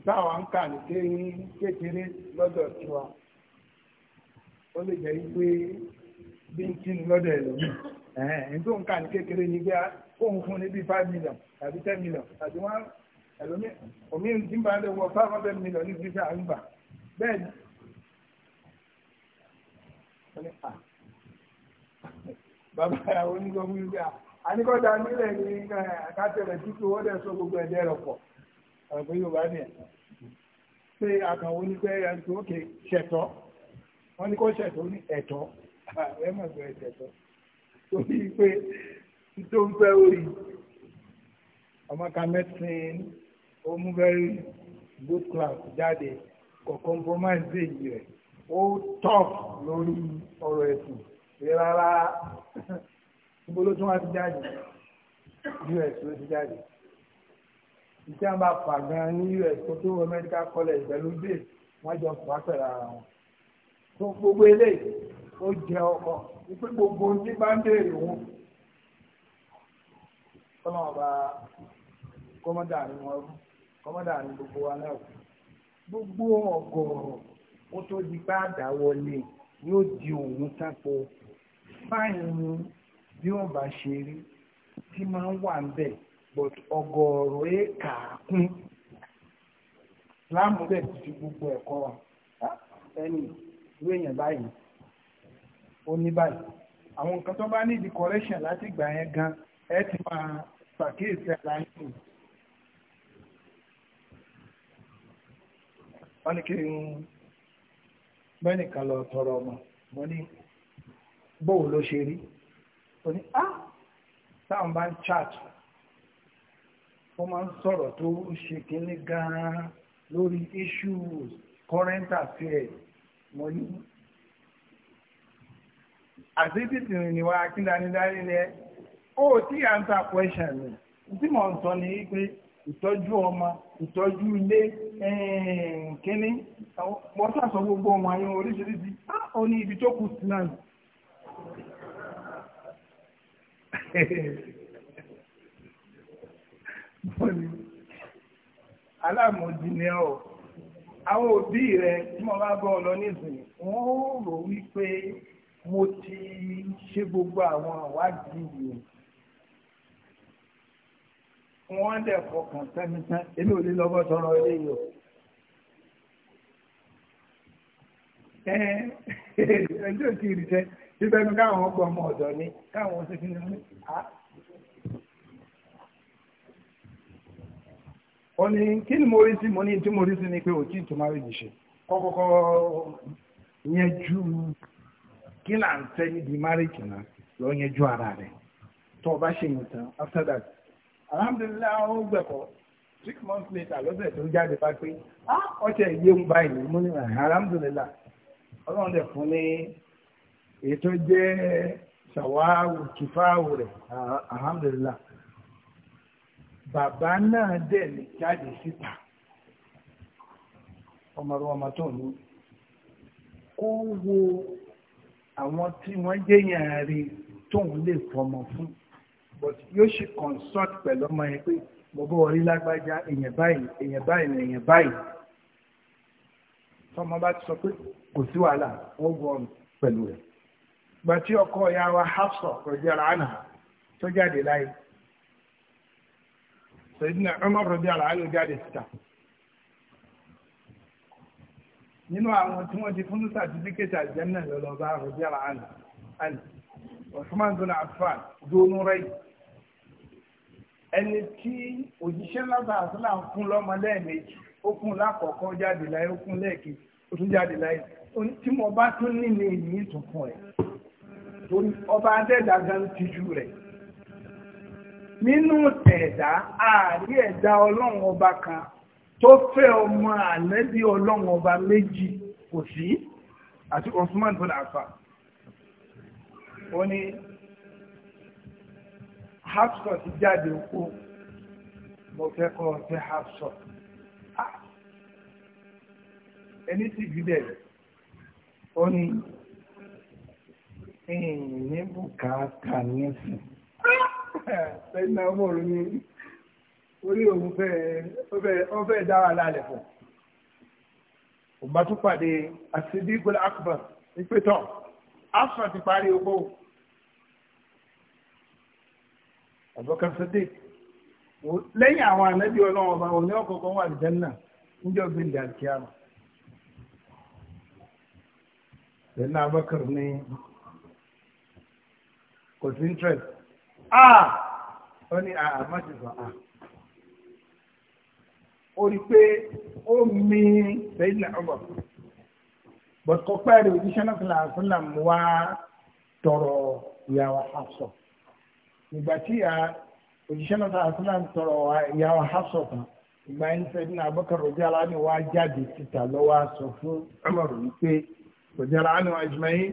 kà ní kékeré lọ́dọ̀ tiwa ó lè jẹ́ bí n kí ni lọ́dọ̀ ẹ̀ lómi ẹ̀hìn tó ń kà ní kékeré ní gbé fóun fún ní bí five million tàbí ten million tàbí one ẹlòmí omi ní bẹ́ẹ̀ ni ní ọ̀gbẹ́ yorùbá nìyẹn pé àkànwó ni pé ẹ̀rọ tó kè ṣẹ̀tọ́ wọ́n ní kó ṣẹ̀tọ́ ní ẹ̀tọ́ ẹ̀ mọ̀ pé ẹ̀tọ́ tó bí pé tó ń fẹ́ orí ọmọ kan mẹ́sìn ó mú very good class jáde kò compromise èyí rẹ̀ ó tọ̀ lórí ọ̀rọ̀ ẹ̀sìn rárá ibo ló tún wá ti jáde us ló ti jáde iṣẹ́ wọn bá fà gan ní us kó tó wọ medical college pẹ̀lú dé wọ́n jọ fà pẹ̀lú ara wọn. tó gbogbo eléyìí ó jẹ ọkọ wípé gbogbo ohun tí bá ń béèrè wọn kọ́nà ọba kọ́mọ́dà ni wọ́n rú kọ́mọ́dà ni gbogbo wa náà rú gbogbo ọgọ́rọ̀ ó tó di bá àdáwọlé yóò di òun sápò fáìní bí wọ́n bá ṣe rí tí máa ń wà ń bẹ̀ but ọgọ́rùn ẹ kàákún láàmú bẹ́ẹ̀ ti fi gbogbo ẹ̀kọ́ wa ah, ẹni ìwé èèyàn báyìí ó ní báyìí àwọn nǹkan tó bá ní di correction láti gbà yẹn gan ẹ ti máa ṣàkíyèsí ara yín. wọ́n ní kí n mẹ́nìkan lọ tọrọ ọmọ mo ní bóun ló ṣe rí ó ní ah táwọn bá ń chat wọ́n máa ń sọ̀rọ̀ tó ṣe kínní gan-an lórí issues current affairs mo ní. àti títì ní wa akíndánidárí rẹ ó ti à question mi tí mò ń sọ ni pé ìtọ́jú ọmọ ìtọ́jú ilé gbogbo ọmọ ayé oríṣiríṣi ah, ó ní ibi tó kù sí náà. aláàmójì ni ọ́ àwọn òbí rẹ tí mo bá bọ́ ọ lọ nísìnyí wọ́n ó rò wípé mo ti ṣe gbogbo àwọn àwádìí yìí wọ́n dẹ̀ fọkàn tẹ́mitẹ́ èmi ò lè lọ́bọ́ tọrọ ilé yìí o. ẹjọ́ ti rí tẹ́ bíbẹ́nu káwọn ọgbọ́n ọmọ ọ̀dọ́ ni káwọn ṣe fi ní ah, ó ní kí ni mo rí sí mo ní tí mo rí sí ni pé ò tí ì tó má rí ìṣe kọ́kọ́kọ́ yẹn ju kí là ń tẹ́ níbi márìkì náà lọ yẹn ara rẹ̀ tó o bá ṣe yẹn tán after that alhamdulilayi ó gbẹ̀kọ́ six months later lọ́sẹ̀ tó jáde bá pé ah, ọ̀sẹ̀ yé ń báyìí mo ní alhamdulilayi ọlọ́run dẹ̀ fún ní ètò jẹ́ sàwáwù kìfáwù rẹ̀ ah, alhamdulilayi bàbá náà dẹ̀ lè jáde síta ọmọrú ọmọ tó ní kó wo àwọn tí wọ́n jẹ́ yàn rí tóun lè fọmọ fún but yóò ṣe consult pẹ̀lú ọmọ yẹn pé mo bọ́ orí lágbájá èèyàn báyìí èèyàn báyìí èèyàn báyìí tọmọ bá ti sọ pé kò sí wàhálà wọ́n gbọ́ pẹ̀lú rẹ̀ gbàtí ọkọ ìyá wa Hafsa rọjò àná tó jáde láyé Sayyidina Umar radiyallahu anhu jáde síta nínú àwọn tí wọ́n ti fún ní sàtífíkẹ́tì àjẹ́nà lọ́lọ́bá rọ̀bíàlá àlì Usman bin Affan dónú rẹ̀ ẹni tí òjíṣẹ́ lọ́sàá àtúnlá ń fún lọ́mọ lẹ́ẹ̀mejì ó fún lákọ̀ọ́kọ́ jáde láyé ó fún lẹ́ẹ̀kejì ó tún jáde láyé tí mo bá tún ní ní èyí fún ẹ torí ọba adẹ́dàgán ti ju rẹ̀ nínú tẹ̀dá ààrí ẹ̀dá ọlọ́run ọba kan tó fẹ́ ọmọ àlẹ́bí ọlọ́run ọba méjì kò sí àti Osman bin Affan ó ní Hafsa ti jáde òkú mo fẹ́ kọ́ ọ fẹ́ Hafsa ẹni sì bí bẹ́ẹ̀ ó ní ìyìn ní bùkátà nísìnyí. sẹ́yìn náà mọ̀ o ní orí òun fẹ́ dára lálẹ́ fún un bá tún pàdé àṣìdígbòlá akbar ìpẹ́tọ̀ afra ti parí owó Abubakar Siddiq lẹ́yìn àwọn ànábì ọlọ́run ọba òní ọ̀kọ̀ọ̀kan wà ní jẹ́nà níjọ́ gbìndà kíámà lẹ́nà ní kò sí interest àà ó ní àà má ti sọ àà ó rí pé ó mi sẹ́yìn náà ọgbọ̀ bọ̀tọ̀ pẹ́ẹ́rẹ́ òjíṣẹ́ náà fúnra fúnra mu wá tọrọ ìyàwó àṣọ ìgbà tí òjíṣẹ́ náà fúnra fúnra mu tọrọ ìyàwó àṣọ kan ìgbà yẹn sẹ́yìn náà abọ́kà rọ̀jẹ́ aláàánú wá jáde síta lọ́wọ́ aṣọ fún ọmọ rẹ̀ wípé rọ̀jẹ́ aláàánú àjùmọ̀ yìí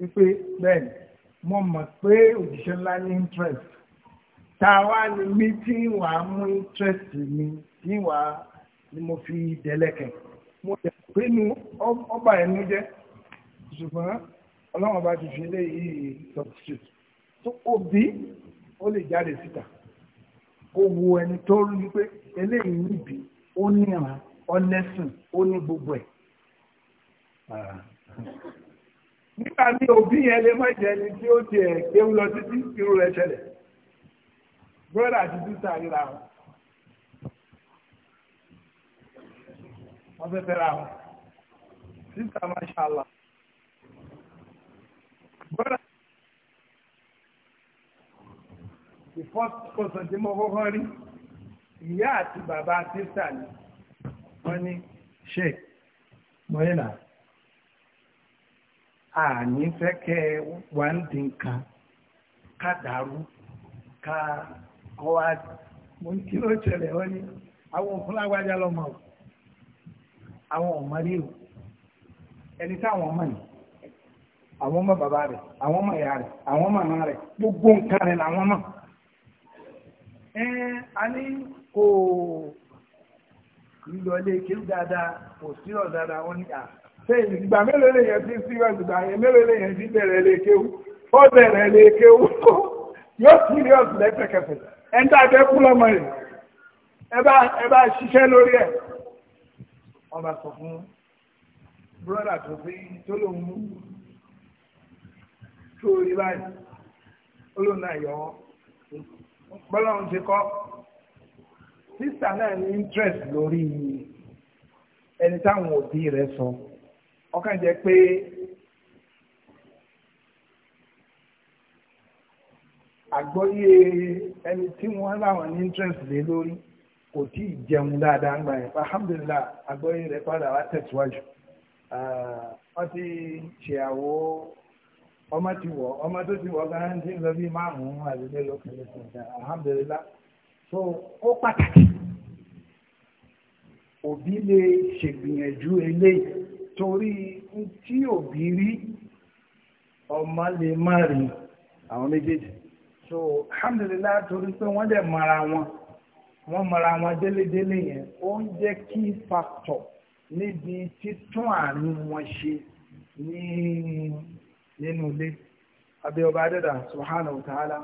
wípé bẹ́ẹ̀ ni mo mọ̀ pé òjíṣẹ́ ńlá ní interest tá a wá ní mí tí wà á mú interest mi tí wà á ni mo fi dẹ̀lẹ́kẹ̀ mo dẹ̀ pé nu ọba ẹnu jẹ́ ṣùgbọ́n ọlọ́run bá ti fi eléyìí substitute tó òbí ó lè jáde síta kó wo ẹni tó rí pé eléyìí níbi ó níran ọlẹ́sìn ó ní gbogbo ẹ̀ nígbà ní òbí yẹn lè mọ́ ìjẹni tí ó ti ẹ̀ pé ń lọ títí irú rẹ̀ ṣẹlẹ̀ brọ́dà àti sísá ríra wọn wọ́n fẹ́ fẹ́ra wọn sísá mashallah brọ́dà the first tí mo kọ́kọ́ rí ìyá àti bàbá sísá ni wọ́n ní sheik mọ́yìnà. a n'i kẹ́ wà ń dín kan ká dàrú ká ọwá mo ní kí ló ṣẹlẹ̀ wọ́n awụ o àwọn ọmọ rí o ẹni táwọn ọmọ ni àwọn ọmọ bàbá gbogbo nka rẹ̀ na ọmọ. ma a anyị ko lílọ ilé kéwù dada kò sí ọ̀ dáadáa ṣe ìgbà mélòó lè yẹn fi serious ìgbà yẹn mélòó lè yẹn fi bẹ̀rẹ̀ lè kéwú ó bẹ̀rẹ̀ lè kéwú yóò serious lẹ́sẹ̀kẹsẹ̀ ẹ̀ńtà fẹ́ kú lọ́mọ rẹ̀ ẹ bá ṣiṣẹ́ lórí ẹ̀ ọba sọ fún bírọ́dà tó fi tó lòun mú tó rí báyìí ó lòun náà yọ ọ́ bọ́lọ́run ti kọ́ sísà náà ní interest lórí ẹni táwọn òbí rẹ̀ sọ. So ọkàn jẹ́ pé àgbọ́yé ẹni tí wọ́n láwọn ní interest lé lórí kò tí ì jẹun dáadáa gbà yẹn alhamdulilah àgbọ́yé rẹ̀ padà wá tẹ̀síwájú wọ́n ti ṣèyàwó ọmọ ti wọ̀ ọmọ tó ti wọ̀ gan-an ti ń lọ bí márùn-ún àdúgbò lókèlè sọ̀tà alhamdulilah so ó pàtàkì òbí lè ṣègbìyànjú eléyìí torí tí òbí rí ọmọ lè má rí àwọn méjèèjì so alhamdulillah torí pé wọ́n dẹ̀ mara wọn wọ́n mara wọn délédélé yẹn ó ń jẹ́ kí factor níbi títún àárín wọn ṣe ní nínú ilé abẹ́ ọba adẹ́dà subhanahu wa ta'ala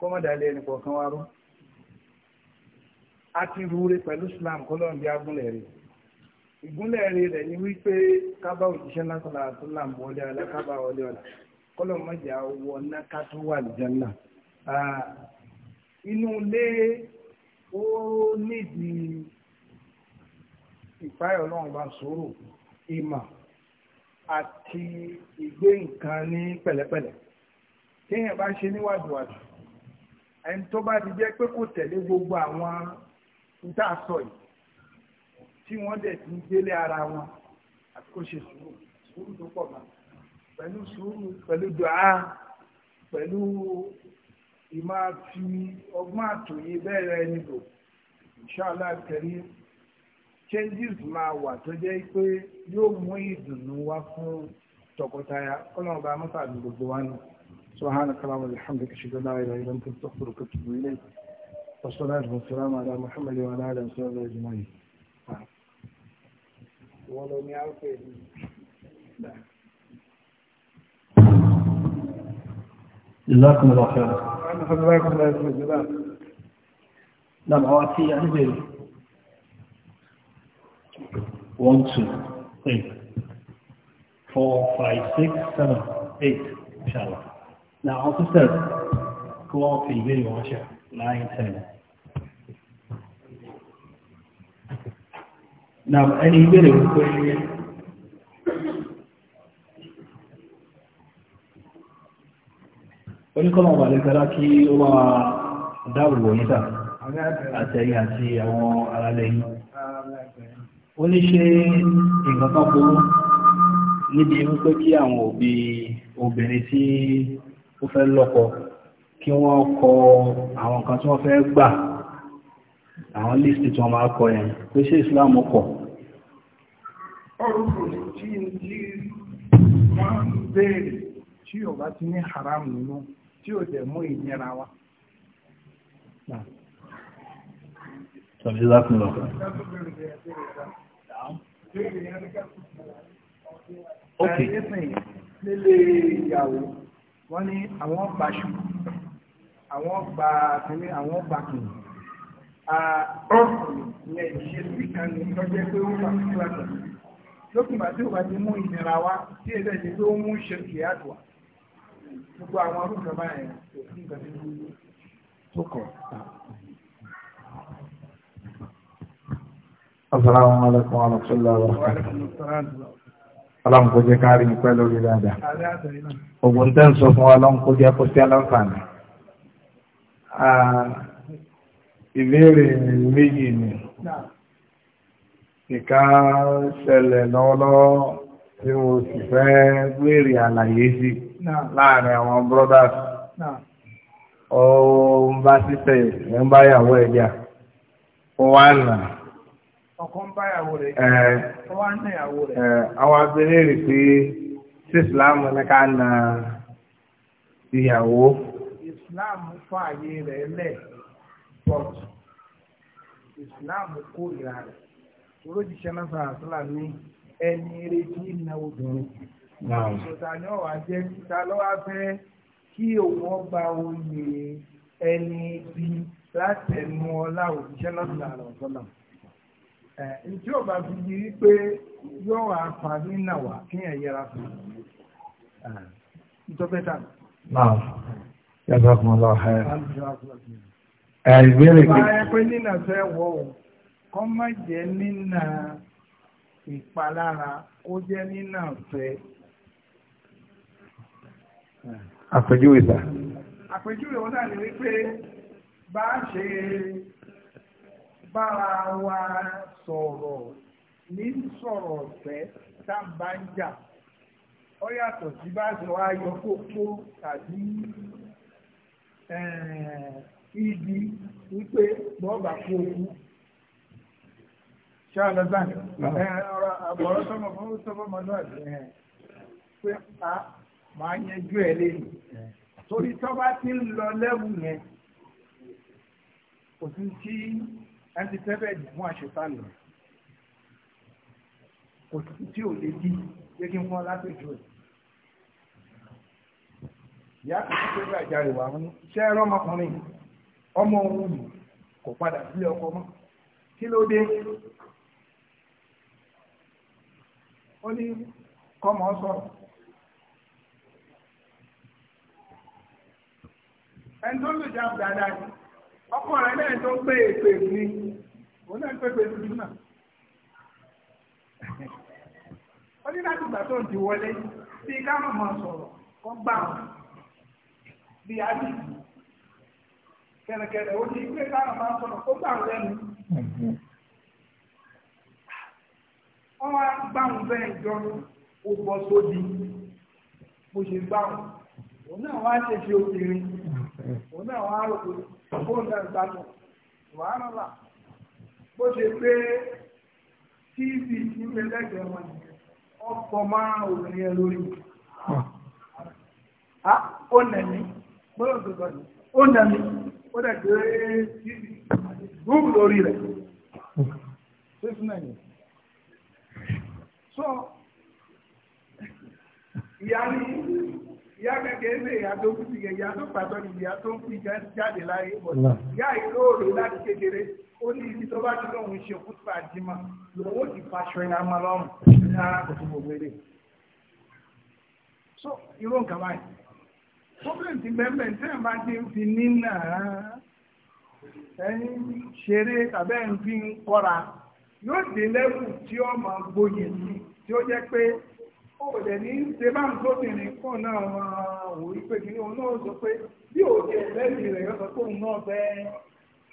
kọ́mọ̀dálẹ́ ẹnì kọ̀ọ̀kan wa rú a ti rúure pẹ̀lú islam kọ́lọ́ọ̀bí agúnlẹ̀ rẹ̀ ìgúnlẹ̀ rí rẹ̀ ni wípé kábà òjíṣẹ́ lásán àti làmú ọlé ọlá kábà ọlé ọlá kọ́lọ̀ mọ́jà wọ ná ká tó wà lìjánà. inú ilé ó nídìí ìpáyọ̀ náà bá sòrò ìmọ̀ àti ìgbé nǹkan ní pẹ̀lẹ́pẹ̀lẹ́ téèyàn bá ṣe níwàdùwàdù ẹni tó bá ti jẹ́ pé kò tẹ̀lé gbogbo àwọn tá a sọ yìí tí wọ́n dẹ̀ ti ń gbélé ara wọn àti kó ṣe sùúrù sùúrù tó pọ̀ mọ́ pẹ̀lú sùúrù pẹ̀lú dùá pẹ̀lú ìmọ̀ àti ọgbọ́n àtòyé bẹ́ẹ̀rẹ̀ ẹni lò inshallah karim changes máa wà tó jẹ́ pé yóò mú ìdùnnú wá fún tọkọtaya kọ́lọ́n bá mọ́tà ní gbogbo wa nù subhanaka allahumma wa bihamdika ashhadu an la ilaha illa anta astaghfiruka wa atubu ilayk wa salatu wa salamu ala muhammadin wa wọ́n lọ ní áwùjọ ìlú. جزاكم الله خيرا. جزاكم الله خيرا. نعم عواتي يعني بيري. 1, 2, 3, 4, 5, 6, 7, 8 إن شاء الله. Now, officers, go on for your video, 9, 10. na ẹni ìbéèrè wípé oníkọ́nà ọba lẹ́gbẹ̀rẹ́ kí ó máa dáàbòbò níta àtẹ̀yìn àti àwọn arálẹ́yìn ó ní ṣe nǹkan kan burú níbi wípé kí àwọn òbí obìnrin tí ó fẹ́ lọ́kọ kí wọ́n kọ àwọn kan tí wọ́n fẹ́ gbà àwọn lísì tí wọ́n máa kọ yẹn pé ṣé islam kọ̀ wọ́n ń àwọn ọgbà àwọn ọgbà àwọn ọgbà ọ̀rùn yẹn ìṣesí kan ní lọ́jọ́ pé ó fà kíláàsì lókùn bá tí ó bá ti mú ìnira wá tí èdè ti tó mú ṣe kì á dùn gbogbo àwọn arúgbó báyẹn kò sí nǹkan tó kọ̀. Assalamu alaikum wa rahmatullahi wa barakatuh. Ọlọ́run kò jẹ́ káàrí ní pẹ́ lórí dáadáa. Ògùn tẹ́ ń sọ fún wa lọ́n kó jẹ́ kó sí aláǹfààní ìbéèrè méjì ni ìka ṣẹlẹ̀ lọ́wọ́lọ́wọ́ tí mo sì fẹ́ béèrè àlàyé sí láàrin àwọn brothers ó ń bá títẹ̀ ẹ̀ ń báyàwó ẹ̀ jà ó wá nà ọkọ̀ ń báyàwó rẹ̀ ó wá nà ìyàwó rẹ̀ àwọn abẹ́rẹ́rì pé sí ìsìláàmù ní ká na ìyàwó ìsìláàmù fún àyè rẹ̀ lẹ́ẹ̀ but Islam kórìíra rẹ̀ olójúṣe náà sọ àṣìlá ní ẹni retí ìnáwó obìnrin ìṣòta ni ọ̀wá jẹ́ títa lọ́wọ́ fẹ́ kí òun ọgbà oyè ẹni bí látẹnu ọlá òjíṣẹ́ náà sọ àlọ́sọ́nà ǹtí ò bá fi di wípé yóò wá pa nínà wá kéèyàn yẹra fún un ìtọ́pẹ́ta. Yàtọ̀ fún ọlọ́ọ̀hẹ́. Ìbéèrè kí. Báyá pé nínà fẹ́ wọ̀ ọ́, kọ́ má jẹ́ nínà ìpalára, kó jẹ́ nínà fẹ́. Àpèjúwe sá. Àpèjúwe wọn náà ni wípé bá ṣe bára wa sọ̀rọ̀ ní sọ̀rọ̀ ọ̀fẹ́ tá a bá ń jà ó yàtọ̀ sí bá ṣe wá yọ kókó tàbí ibi wípé bọ́ọ̀bà kú okú ṣáàlọ́sàn ọ̀rọ̀ àbọ̀rọ̀ sọmọ fún sọmọ mọ́lúwàbí pé a máa yanjú ẹ̀ lẹ́yìn torí tọ́ba ti ń lọ lẹ́wù yẹn kò sí tí ẹni tẹ́fẹ̀ẹ́ dì fún àṣetá lọ kò sí tí ò lè dí jẹ́ kí n fún ọ lápèjú ẹ̀ ìyá kò sí pé bàjá ìwà wọn ṣẹ́ ẹ̀rọ ọmọkùnrin yìí. ọmọ ohun kò padà sílé ọkọ mọ́ kí ló dé ó ní kọ́mọ sọ̀rọ̀ ẹni tó lù jáàmù dáadáa ni ọkọ rẹ náà tó ń pè é pè mí òun náà ń pè pè mí náà ó ní láti gbà tó ń ti wọlé bí ká mọ̀ sọ̀rọ̀ kó gbà bí a ti dùn. kẹ̀rẹ̀kẹ̀rẹ̀ ó ní pé táwọn máa ń sọ̀rọ̀ tó gbà lẹ́nu. wọ́n wá gbàùn bẹ́ẹ̀ jọ ó bọ́ sódì mo ṣe gbàùn òun náà wá ṣèṣe obìnrin òun náà wá rò pé fóònù náà gbàdùn wàhálà là bó ṣe pé tv nílẹ̀ lẹ́gbẹ̀ẹ́ wọn ọkọ̀ máa obìnrin ẹ lórí ah. Ah, ó nà mí gbọ́dọ̀ tó gbọ́dọ̀ ó nà mí ó dẹ̀ gbé gúúgù lórí rẹ̀ so ìyá ní ìyá kẹ́kẹ́ ní ìyá tó kú sí ìyá tó pàtó ní ìyá tó ń pín jáde láyé bọ̀ ìyá ìlóòrò láti kékeré ó ní ibi tó bá ti lóun ṣe kú sí àjímọ̀ lòun ó ti faṣọ iná máa lọ́rùn ní ara kò tó gbogbo eré so irú nǹkan báyìí problem ti bẹ́ẹ̀ tí ẹ̀ máa ti fi nínà ẹni ṣeré tàbí ẹ̀ ń fi ń kọ́ra yóò dé lẹ́kùn tí ó máa gboyè sí tí ó jẹ́ pé ó lè ní ṣe bá ń tóbìnrin kó náà wò ó pé kí òun náà sọ pé bí òde ẹlẹ́sìn rẹ̀ yóò pé òun náà fẹ́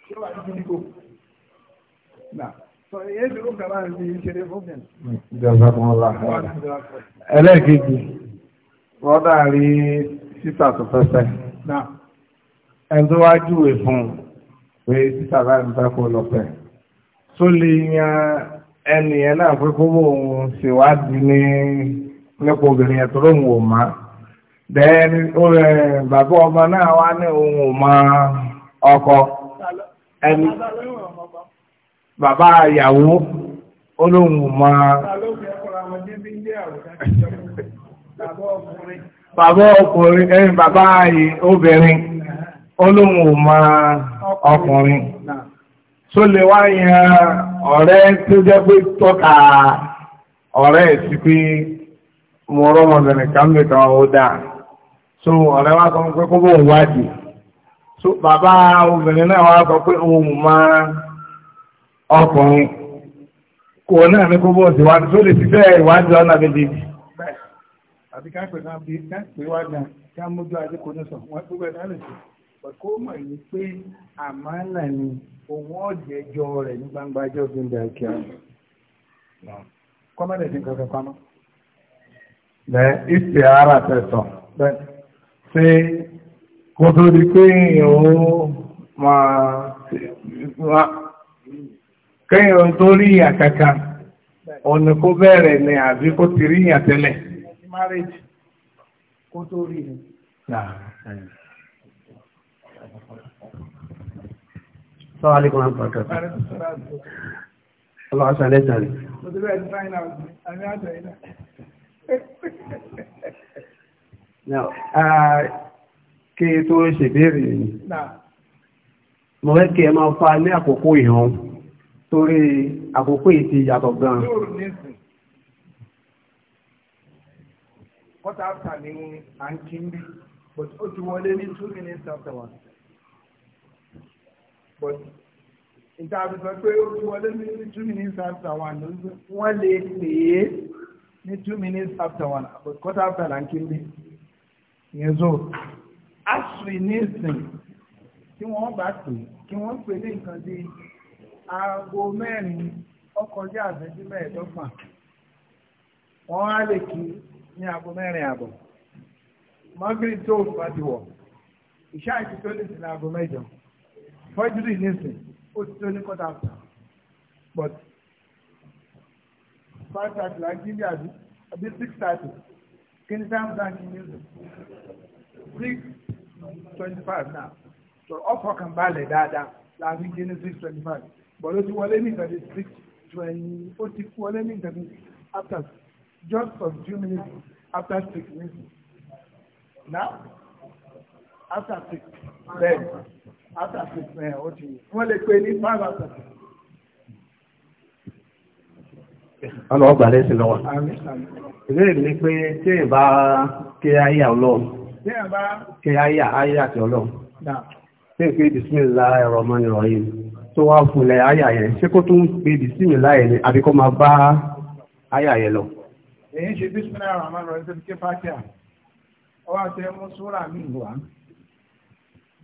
ṣé wà ní gbogbo. Ẹlẹ́ẹ̀kejì, wọ́n dàrí títà tó fẹ́ fẹ́ náà ẹni tó wá júwe fún un pé títà láì fẹ́ kó lọ fẹ́ tó lè yan ẹni yẹn náà pé kó bó òun ṣèwádìí ní nípa obìnrin yẹn tó lóun ò má dẹ́ẹ́ni bàbá ọmọ náà wá ní òun ò ọkọ bàbá ìyàwó olóhùn máa bàbá ọkùnrin ẹ̀yìn bàbá obìnrin olóhun ò mọ ọkùnrin tó lè wá yan ọ̀rẹ́ tó jẹ́ pé tọ́ka ọ̀rẹ́ sí pé mo rọ́mọbìnrin kan lè kan ó dáa so ọ̀rẹ́ wá sọ pé kó bóun wádìí so bàbá obìnrin náà wá sọ pé òun mọ ọkùnrin kò náà ní kó bóun sí wádìí tó lè ti bẹ́ẹ̀ ìwádìí ọ̀nà méjèèjì àbí ká pè náà bí ká pè wá náà ká mójú ajé kò ní sọ wọn gbogbo ẹ̀dá lè sọ kó mọ̀ ní pé àmánà ni òun ọ̀jẹ̀jọ rẹ̀ ní gbangba ẹjọ́ fi ń da kí a kọ́mọ́dé ti kankan pamọ́. lẹ ìpè ara tẹsán ṣé kó tó di pé òun máa kéèyàn tó rí ìyà kankan òun kó bẹ̀rẹ̀ ni àbí kó ti rí ìyà tẹ́lẹ̀ marriage kó tó rí ni. Sọ́wọ́ alẹ́ kan pàtó. Ọlọ́wọ́ sọ lẹ́sẹ̀ rẹ̀. Mo ti bẹ́ẹ̀ ní fáyín náà, àmì àtẹ̀yìn náà. Now, uh, kí tó ṣèbéèrè ni. Mo fẹ́ kí ẹ máa fa ní àkókò ìhàn torí àkókò ìtì yàtọ̀ gan-an. What after ni à ń but ó ti wọlé ní two minutes after one but ìta àbùsọ pé ó ti wọlé ní two minutes after one wọ́n lè pè é ní two minutes after one but what after là ń kí ń bí yẹn so asiri ní ìsìn tí wọ́n bá pè kí wọ́n pè ní nǹkan bí aago mẹ́rin ọkọjá àfẹ́jú mẹ́ẹ̀ẹ́dọ́gbọ̀n wọ́n á lè kí ní aago mẹ́rin àbọ̀ mọ́gírì tó o bá ti wọ̀ ìṣá ìtì tó lè sin aago mẹ́jọ fọ́júrì nísìn ó ti tó ní kọ́tà àpà but five thirty la jí ní àbí àbí six thirty kí ni time zan kí ni six twenty five náà so ọ̀fọ̀ kan balẹ̀ dáadáa láàrin jí ní six twenty five bọ̀ ló ti wọlé ní ìtàgé six twenty ó ti wọlé ní ìtàgé after six just for few minutes after six minutes. Now, after six, then after six, then eh, ó ti wọ́n lè pè ní five after six. Ọlọ́wọ́ gbà lẹ́sìn lọ́wọ́. Ìbéèrè ni pé tí èèyàn bá ké ayé ọlọ́run. Tí èèyàn bá ké ayé ayé àti ọlọ́run. Tí èèyàn pé bismillah ar-rahman ar-rahim tó wá fúnlẹ̀ ayé yẹn ṣé kó tún pé bismillah yẹn ni àbí kó máa bá ayé yẹn lọ. èyí ṣe bísmìlá rahman rahim tó fi ké fàtíà ó wá fẹ́ mú súrà mí wá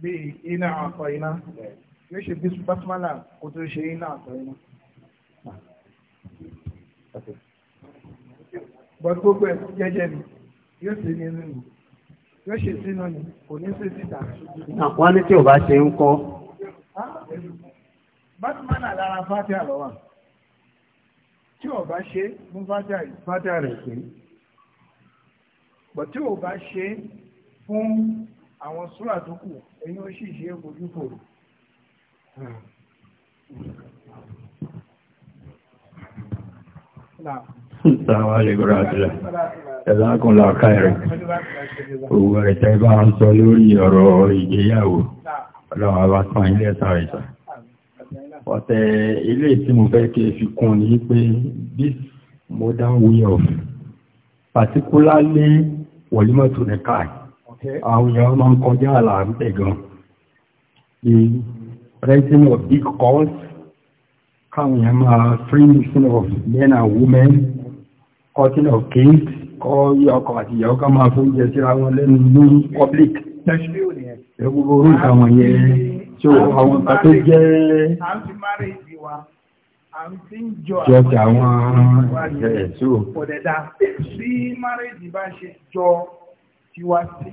bíi iná akọ iná yóò ṣe bísmìlá kó tó ṣe iná akọ iná. bọ́t gbogbo ẹ̀ jẹ́jẹ́ ni yóò ṣe ní inú ni yóò ṣe sínú ni kò ní sí síta. wọ́n ní tí ò bá ṣe ń kọ́. bátímánà lára fàtíà lọ́wọ́. tí ò bá ṣe mú fádà rẹ̀ pé bọ̀ tí ò bá ṣe fún àwọn súrà tó kù ẹ̀yìn ó sì ṣe ojú fòrò Assalamu alaikum warahmatullahi ẹ̀lákùn láàká ẹ̀rẹ̀. Òwò ẹ̀tẹ́ bá ń sọ lórí ọ̀rọ̀ ìgbéyàwó. Ọlọ́run àbá kan ilé ẹ̀sà ìsà ọ̀tẹ̀ ilé tí mo fẹ́ kí fi kún ní pé this modern way of particularly wọ̀límọ̀tò nìka àwọn èèyàn máa ń kọjá àlà ń pẹ̀ gan the renting of big calls, káwọn èèyàn máa free mixing of men and women cutting of cakes kọ́ yí ọkọ̀ àti ìyàwó ká máa fún oúnjẹ síra wọn lẹ́nu ní public. ẹgbẹ́ orúkọ àwọn yẹn tí ó àwọn nǹkan tó jẹ́ jọjà àwọn ẹ̀rẹ̀ tí ó pọ̀dẹ̀dá sí márèjì bá ṣe jọ tiwa sí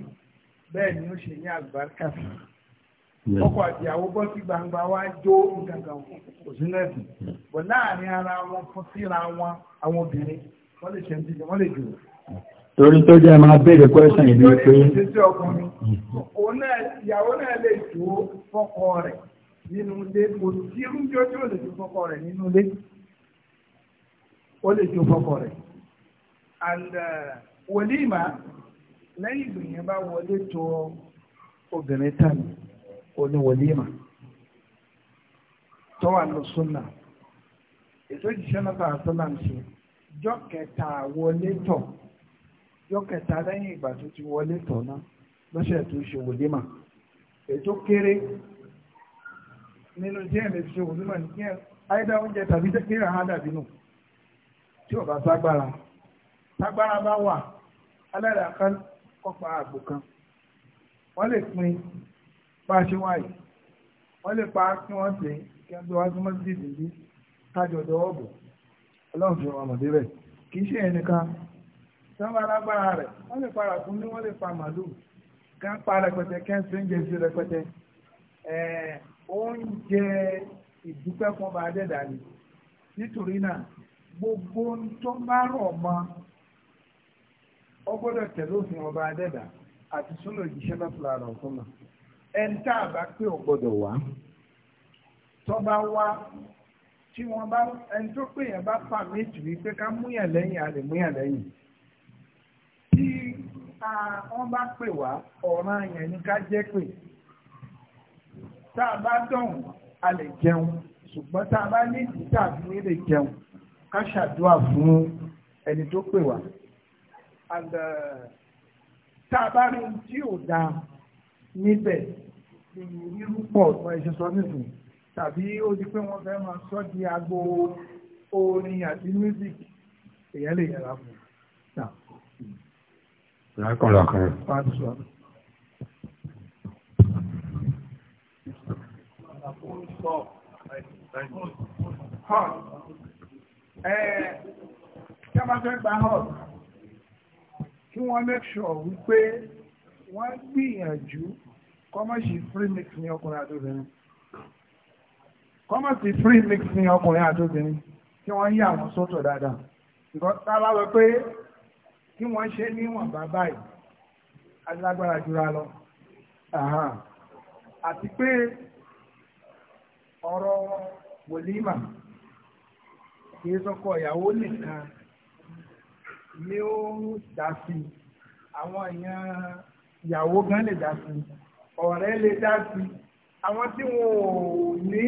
bẹ́ẹ̀ ni ó ṣe ní àgbàríkà sí ọkọ àtìyàwó bọ́ sí gbangba wá jó nǹkan kò sí bọ̀ láàrin ara wọn fún síra wọn àwọn obìnrin wọ́n lè ṣe ń díje wọ́n lè jù torí tó jẹ́ máa béèrè question ìlú pé ìyàwó náà lè tó fọ́kọ rẹ̀ nínú ilé kò sí irúnjọ́ tí ó lè tó fọ́kọ rẹ̀ nínú ilé ó lè tó fọ́kọ rẹ̀ and uh, wòlíìmá lẹ́yìn ìgbìyàn bá wọlé tó obìnrin tán ó ní wòlíìmá tó wà ní súnà ètò ìṣẹ́ náà bá àtúnlá ń ṣe jọ́ kẹta wọlé tọ̀ yọkẹta lẹ́yìn ìgbà tó ti wọlé tọ̀nà lọ́sẹ̀ tó ṣe wòlímà ètò kéré nínú díẹ̀ lè ṣe wòlímà ní díẹ̀ àìdá oúnjẹ tàbí kékeré àwọn bínú tí ọba tágbára tágbára bá wà alẹ́rẹ̀ akán àgbò kan wọ́n lè pin bá a ṣe pa kí wọ́n kí wọ́n tó wá sí dọ́wọ́ bò ọlọ́run fi sọ́wọ́ alágbára rẹ̀ wọ́n lè para fún ní wọ́n lè fa màlúù ká ń pa rẹpẹtẹ kẹ́ńtì ń jẹsí rẹpẹtẹ oúnjẹ ìdúpẹ́ fún ọba adẹ́dà ni nítorí náà gbogbo tó bá rọ̀ mọ́ ọ gbọ́dọ̀ ọba adẹ́dà àti ẹni tá a bá pé ò gbọ́dọ̀ wá tó bá wá tí wọ́n bá ẹni a lè múyàn lẹ́yìn. wọ́n bá pè wá ọ̀ràn yẹn ní ká jẹ́ pé tá a bá dọ̀hùn a lè jẹun ṣùgbọ́n tá a bá ní ìdí tàbí ní lè jẹun ká ṣàdúrà fún ẹni tó pè wá. Uh, tá a bá rí ohun tí ò dáa níbẹ̀ irú pọ̀ ọ̀pọ̀ ẹ̀ṣẹ̀ sọ nìsín tàbí ó di pé wọ́n fẹ́ máa sọ́ di agbo orin àti music èèyàn lè yẹra fún un lákọ̀ọ́lọ́kọ̀ọ́ Kí a máa fẹ́ gba hall, kí wọ́n make sure wípé wọ́n gbìyànjú kọ́mọ̀sì free mix ní ọkùnrin àtòbìnrin. Kọ́mọ̀sì free mix ní ọkùnrin àtòbìnrin kí wọ́n yí àwọn sọ́tọ̀ dáadáa. Ìgbọ́n tá a bá wọ pé kí wọ́n ṣe níwọ̀n bàbá yìí alágbára jura lọ àti pé ọ̀rọ̀ wòlímà kìí sọ́kọ ìyàwó nìkan ni ó dá sí àwọn èèyàn ìyàwó gan lè dá sí ọ̀rẹ́ lè dá sí àwọn tí wọn ò ní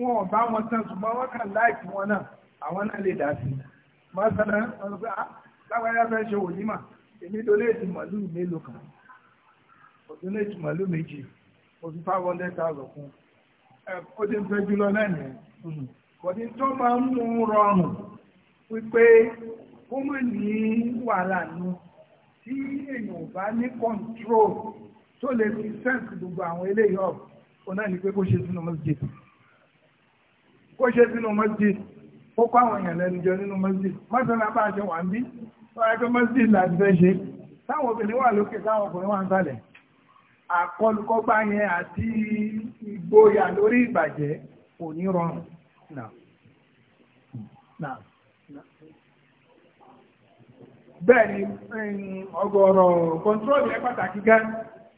wọn ò bá wọn tán ṣùgbọ́n wọn kàn láìpẹ́ wọn náà àwọn náà lè dá sí. mọ́sálà wọn sọ pé ah, lágbájá fẹ́ ṣe wòlímà èmi donate màlúù mélòó kan mo donate màlúù méjì mo fi five hundred thousand kún ó ti ń fẹ́ jùlọ náà nìyẹn hmm. bọ̀dé tó máa ń mú rọrùn wípé kó mọ̀ ní wàhálà nù tí èèyàn bá ní control tó lè fi sẹ́ǹsì gbogbo àwọn eléyìí ọ̀pọ̀ ọ̀nà ni pé kó ṣe sínú masjid kó ṣe sínú masjid kó kó àwọn èèyàn lẹ́nu jẹ nínú masjid mọ́sánà bá ṣe wà ń bí ọ̀rẹ́gbẹ́ mọ́sílì láti fẹ́ ṣe táwọn obìnrin wà lókè táwọn ọkùnrin wà yẹn àti ìgboyà lórí ìbàjẹ́ kò ní rọrùn bẹ́ẹ̀ ni ọ̀gọ̀rọ̀ kọ̀ntróòlù ẹ pàtàkì gan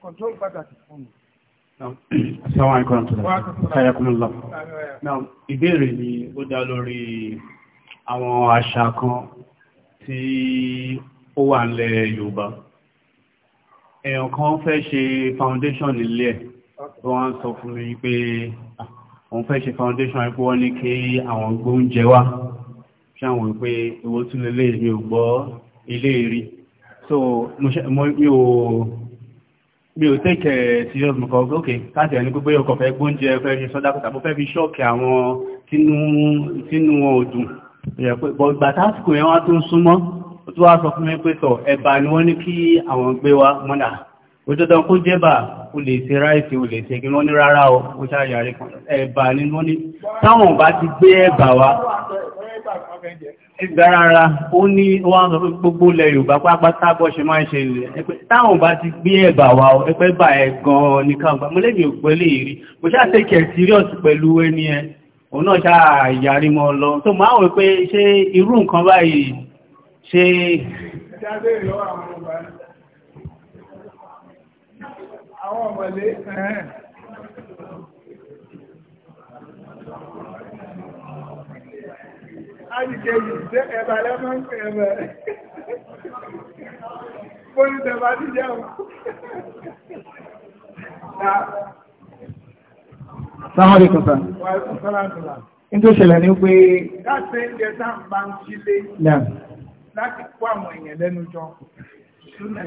kọ̀ntróòlù pàtàkì fún mi. Assalamu alaikum Sayakumullah. Now, ìbéèrè ni ó dá lórí àwọn àṣà kan tí ó wà nílẹ̀ Yorùbá èèyàn kan fẹ́ ṣe foundation nílé ẹ̀ tó wá sọ fún mi pé òun fẹ́ ṣe foundation ẹ̀ wọ́n ní kí àwọn gbóúnjẹ wá ṣe àwọn pé owó tún lélẹ̀ mi ò gbọ́ ilé rí so mi ò mi ò tẹ́kẹ̀ serious mọ̀ kan ok káàtì ẹni gbogbo ọkọ̀ fẹ́ gbóúnjẹ fẹ́ ṣe sọ́dá pẹ̀tàbó fẹ́ fi ṣọ́ọ̀kì àwọn tínú wọn ò dùn bọ̀gbà tásìkò yẹn wá tó ń súnmọ́ tó wá sọ fún mi pé sọ ẹ̀bà ni wọ́n ní kí àwọn gbé wa mọ́nà ó tó dán kó jẹ́bà ó lè ṣe ráìsì ó lè ṣe kí wọ́n ní rárá o ó ṣàyàrí kan ẹ̀bà ni wọ́n ní táwọn bá ti gbé ẹ̀bà wa ìgbàrara ó ní wọ́n sọ pé gbogbo ilẹ̀ Yorùbá pápátá bọ́ ṣe máa ń ṣe ilẹ̀ táwọn bá ti gbé ẹ̀bà wa ẹgbẹ́ bà ẹ̀ gan-an ní káwọn gbà mọ́lẹ́mì òpẹ́lẹ̀ yìí mo ṣáà tẹ́kẹ̀ẹ́ sí rí pẹ̀lú ẹni ẹ òun náà ṣá ìyàrí mọ́ lọ tó máa wọ́n pé ṣé irú nǹkan báyìí ṣe àwọn ọmọlé jẹ́ ẹ̀bà lẹ́mọ́ ń pè ẹ̀bẹ̀ fóyútẹ̀bà ti Assalamu kọta sir. tó ṣẹlẹ̀ ní pé. Láti bá ń Láti kó àwọn èèyàn lẹ́nu jọ. Súnà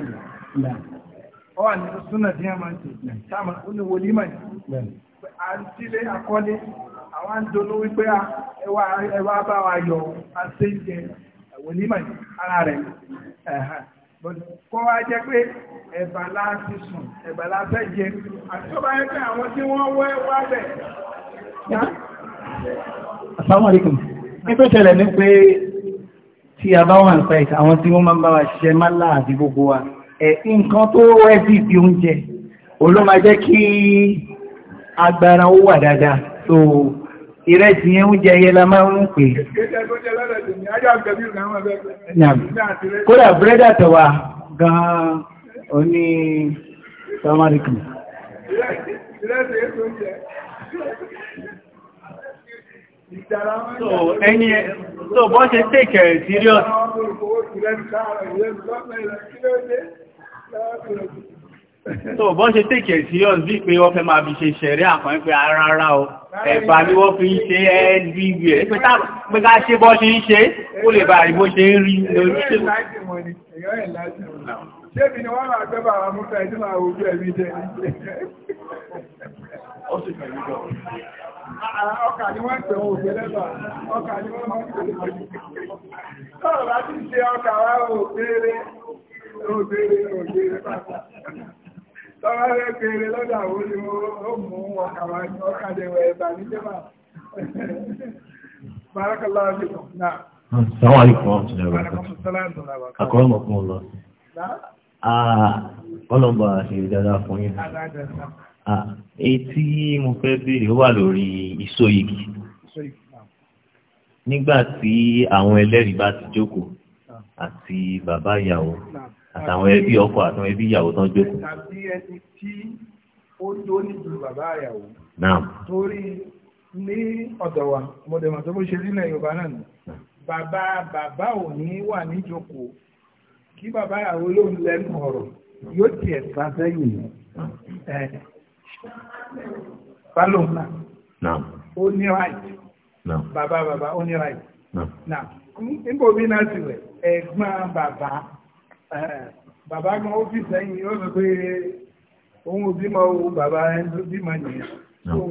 kọ́ wá jẹ́ pé ẹ̀bà láti sùn ẹ̀bà láti jẹ àti tó bá yẹ pé àwọn tí wọ́n wọ́ wá bẹ̀. Assalamu alaikum. ní tó ṣẹlẹ̀ ní pé tí a bá wọn pẹ̀ àwọn tí wọ́n máa ń bá wa ṣiṣẹ́ máa láàbí ìrẹsì yẹn oúnjẹ yẹn la máa ń pè. kódà búrẹ́dà tọ̀wà gan-an oní sàmárìkì. So ẹni so bọ́ ṣe take it serious tó bọ́n ṣe tèkẹ̀ sí ọ́n bí pé wọ́n fẹ́ máa bí ṣe ṣẹ̀rí àkàn pé arára o ẹ̀bà ni wọ́n fi ń ṣe ndb ẹ̀ pé ká ṣe bọ́ ṣe ń ṣe ó lè Ọkà ni wọ́n tẹ̀wọ̀n òfẹ́lẹ́bà, ọkà ni wọ́n máa ń tẹ̀lẹ̀ láti ṣe ọkà wá òfẹ́rẹ́, òfẹ́rẹ́, òfẹ́rẹ́ pàtàkì. Tọ́wọ́ rẹ̀ kéré lọ́dọ̀ àwọn olùwọ́ ó mú ọkàwà ní ọkàdẹ̀wẹ̀ ẹ̀bà ní Jẹ́mà. Bárakàlá ọdún náà. Sàwọn àyíkọ́ ọ̀tún ẹ̀rọ akọ́rọ̀ mọ̀kún lọ. Ọlọ́mbà ṣe dáadáa fún yín. Etí mo fẹ́ béèrè wà lórí ìsó igi. Nígbà tí àwọn ẹlẹ́rìí bá ti jókòó àti bàbá ìyàwó. Nah àtàwọn ẹbí ọkọ àtàwọn ẹbí ìyàwó tán jókòó. tàbí ẹni tí ó tó ní ju bàbá ìyàwó. náà. torí ní ọ̀dọ̀ wa mo dẹ̀ mọ̀ tó bó ṣe nílẹ̀ yorùbá náà nù. bàbá bàbá ò ní wà níjókòó kí bàbá ìyàwó ló ń lẹ́nu ọ̀rọ̀ yóò tiẹ̀ sá sẹ́yìn ni. Fálọ́nà. Ó ní ráìtì. Bàbá bàbá ó ní ráìtì. Níbo bí náà ti rẹ̀ ẹ̀gbọ́n bàbá. Eh, bàbá kan ó fi sẹ́yìn ó sọ pé ohun bímọ wo bàbá ẹni tó bímọ nìyẹn so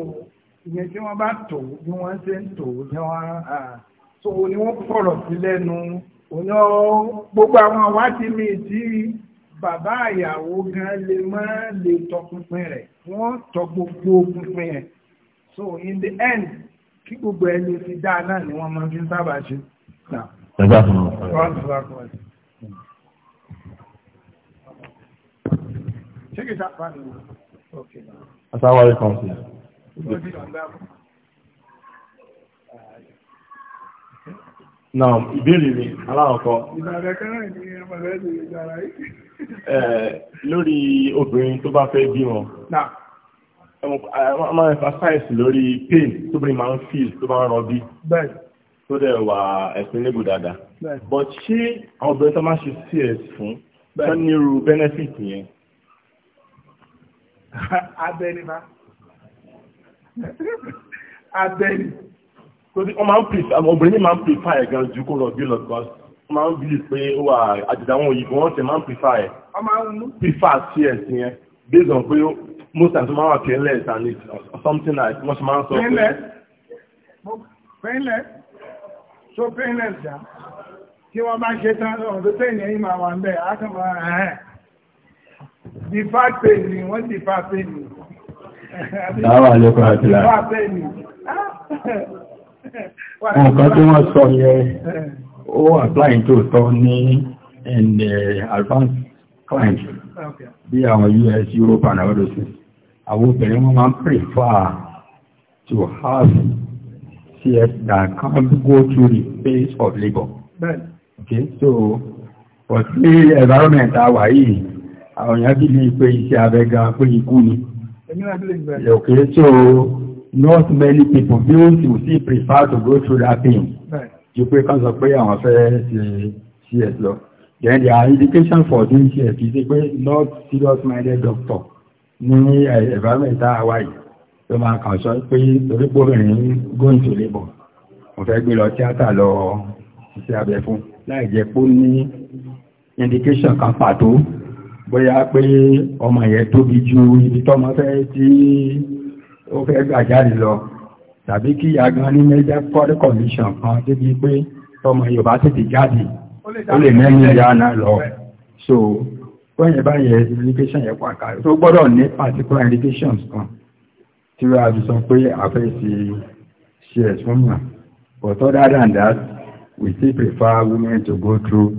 ìyẹn tí wọ́n bá tò bí wọ́n ṣe ń tò ní wọ́n so ni wọ́n fọ̀rọ̀ sí lẹ́nu òní gbogbo àwọn àwádìí mi tí bàbá ìyàwó gan lè má lè tọpinpin rẹ̀ wọ́n tọ gbogbo pinpin rẹ̀ so in the end kí gbogbo ẹni ti dáa náà ni wọ́n máa fi ń sábà ṣe. ẹ bá fún mi. ṣé kìí sáfà ni o. asáwọ̀ rẹ̀ kan sí i. na ìbéèrè mi aláwọ̀kọ́. ìbàdàn kan náà ni ọmọ rẹ̀ lè gbára yìí. lórí obìnrin tó bá fẹ́ bímọ a máa emphasize lórí pain tó bí máa ń feel tó bá ń rọbí tó dẹ̀ wà explainable dáadáa but ṣé àwọn obìnrin tó máa ṣe CS fún tó ní irú benefit yẹn abẹ́ni bá abẹ́ni torí wọ́n máa ń pèsè àwọn obìnrin máa ń pèsè ẹ̀ gan ju kó lọ bí lọ gbọ́ wọ́n máa ń bí pé ó wà àjèjì àwọn òyìnbó wọ́n ti máa ń pèsè ẹ̀ pèsè sí ẹ̀sìn yẹn based on pé most times máa wà painless and it's something like wọ́n ti máa ń sọ pé. painless so painless ja kí wọ́n bá ṣe tán ọ̀dọ́ tẹ̀yìn ẹ̀yìn máa wà ń bẹ̀ dìfà pè ní wọ́n dìfà pè ní láwà lẹ́kọ̀ọ́ àti láà nǹkan tí wọ́n sọ yẹ ó apply tó tọ́ ní in the advanced client bí àwọn US Europe and other things àwọn obìnrin wọ́n máa ń prefer to have CS that can go through the phase of labor. Okay, so, for the environment àwà yìí, àwọn èèyàn bí lè pé iṣẹ́ abẹ gan pé ikú ni okay so not many people bí ó sì sí prefer to go through that thing. ju pé kan sọ pé àwọn fẹ́ ṣe cs lọ then there are indications for doing cs kì í pé not serious minded doctor ní eh, environment àwa yìí tó máa kàn sọ pé torí pòbìnrin going to labour mo fẹ́ gbé lọ tíátà lọ iṣẹ́ abẹ fún láì jẹ́ pé ó ní indication kan pàtó bóyá pé ọmọ yẹn tóbi ju ibi tọ́mọ fẹ́ tí ó fẹ́ gbà jáde lọ tàbí kí ìyá gan ní major court condition kan débi pé tọ́mọ yóò bá tètè jáde ó lè mẹ́rin ìyá náà lọ so bóyá báyẹn education yẹn pàkàrí tó gbọ́dọ̀ ní particular education kan tí wọ́n á fi sọ pé àfẹ́sí ṣe ẹ̀sùn mọ̀ but other than that we still prefer women to go through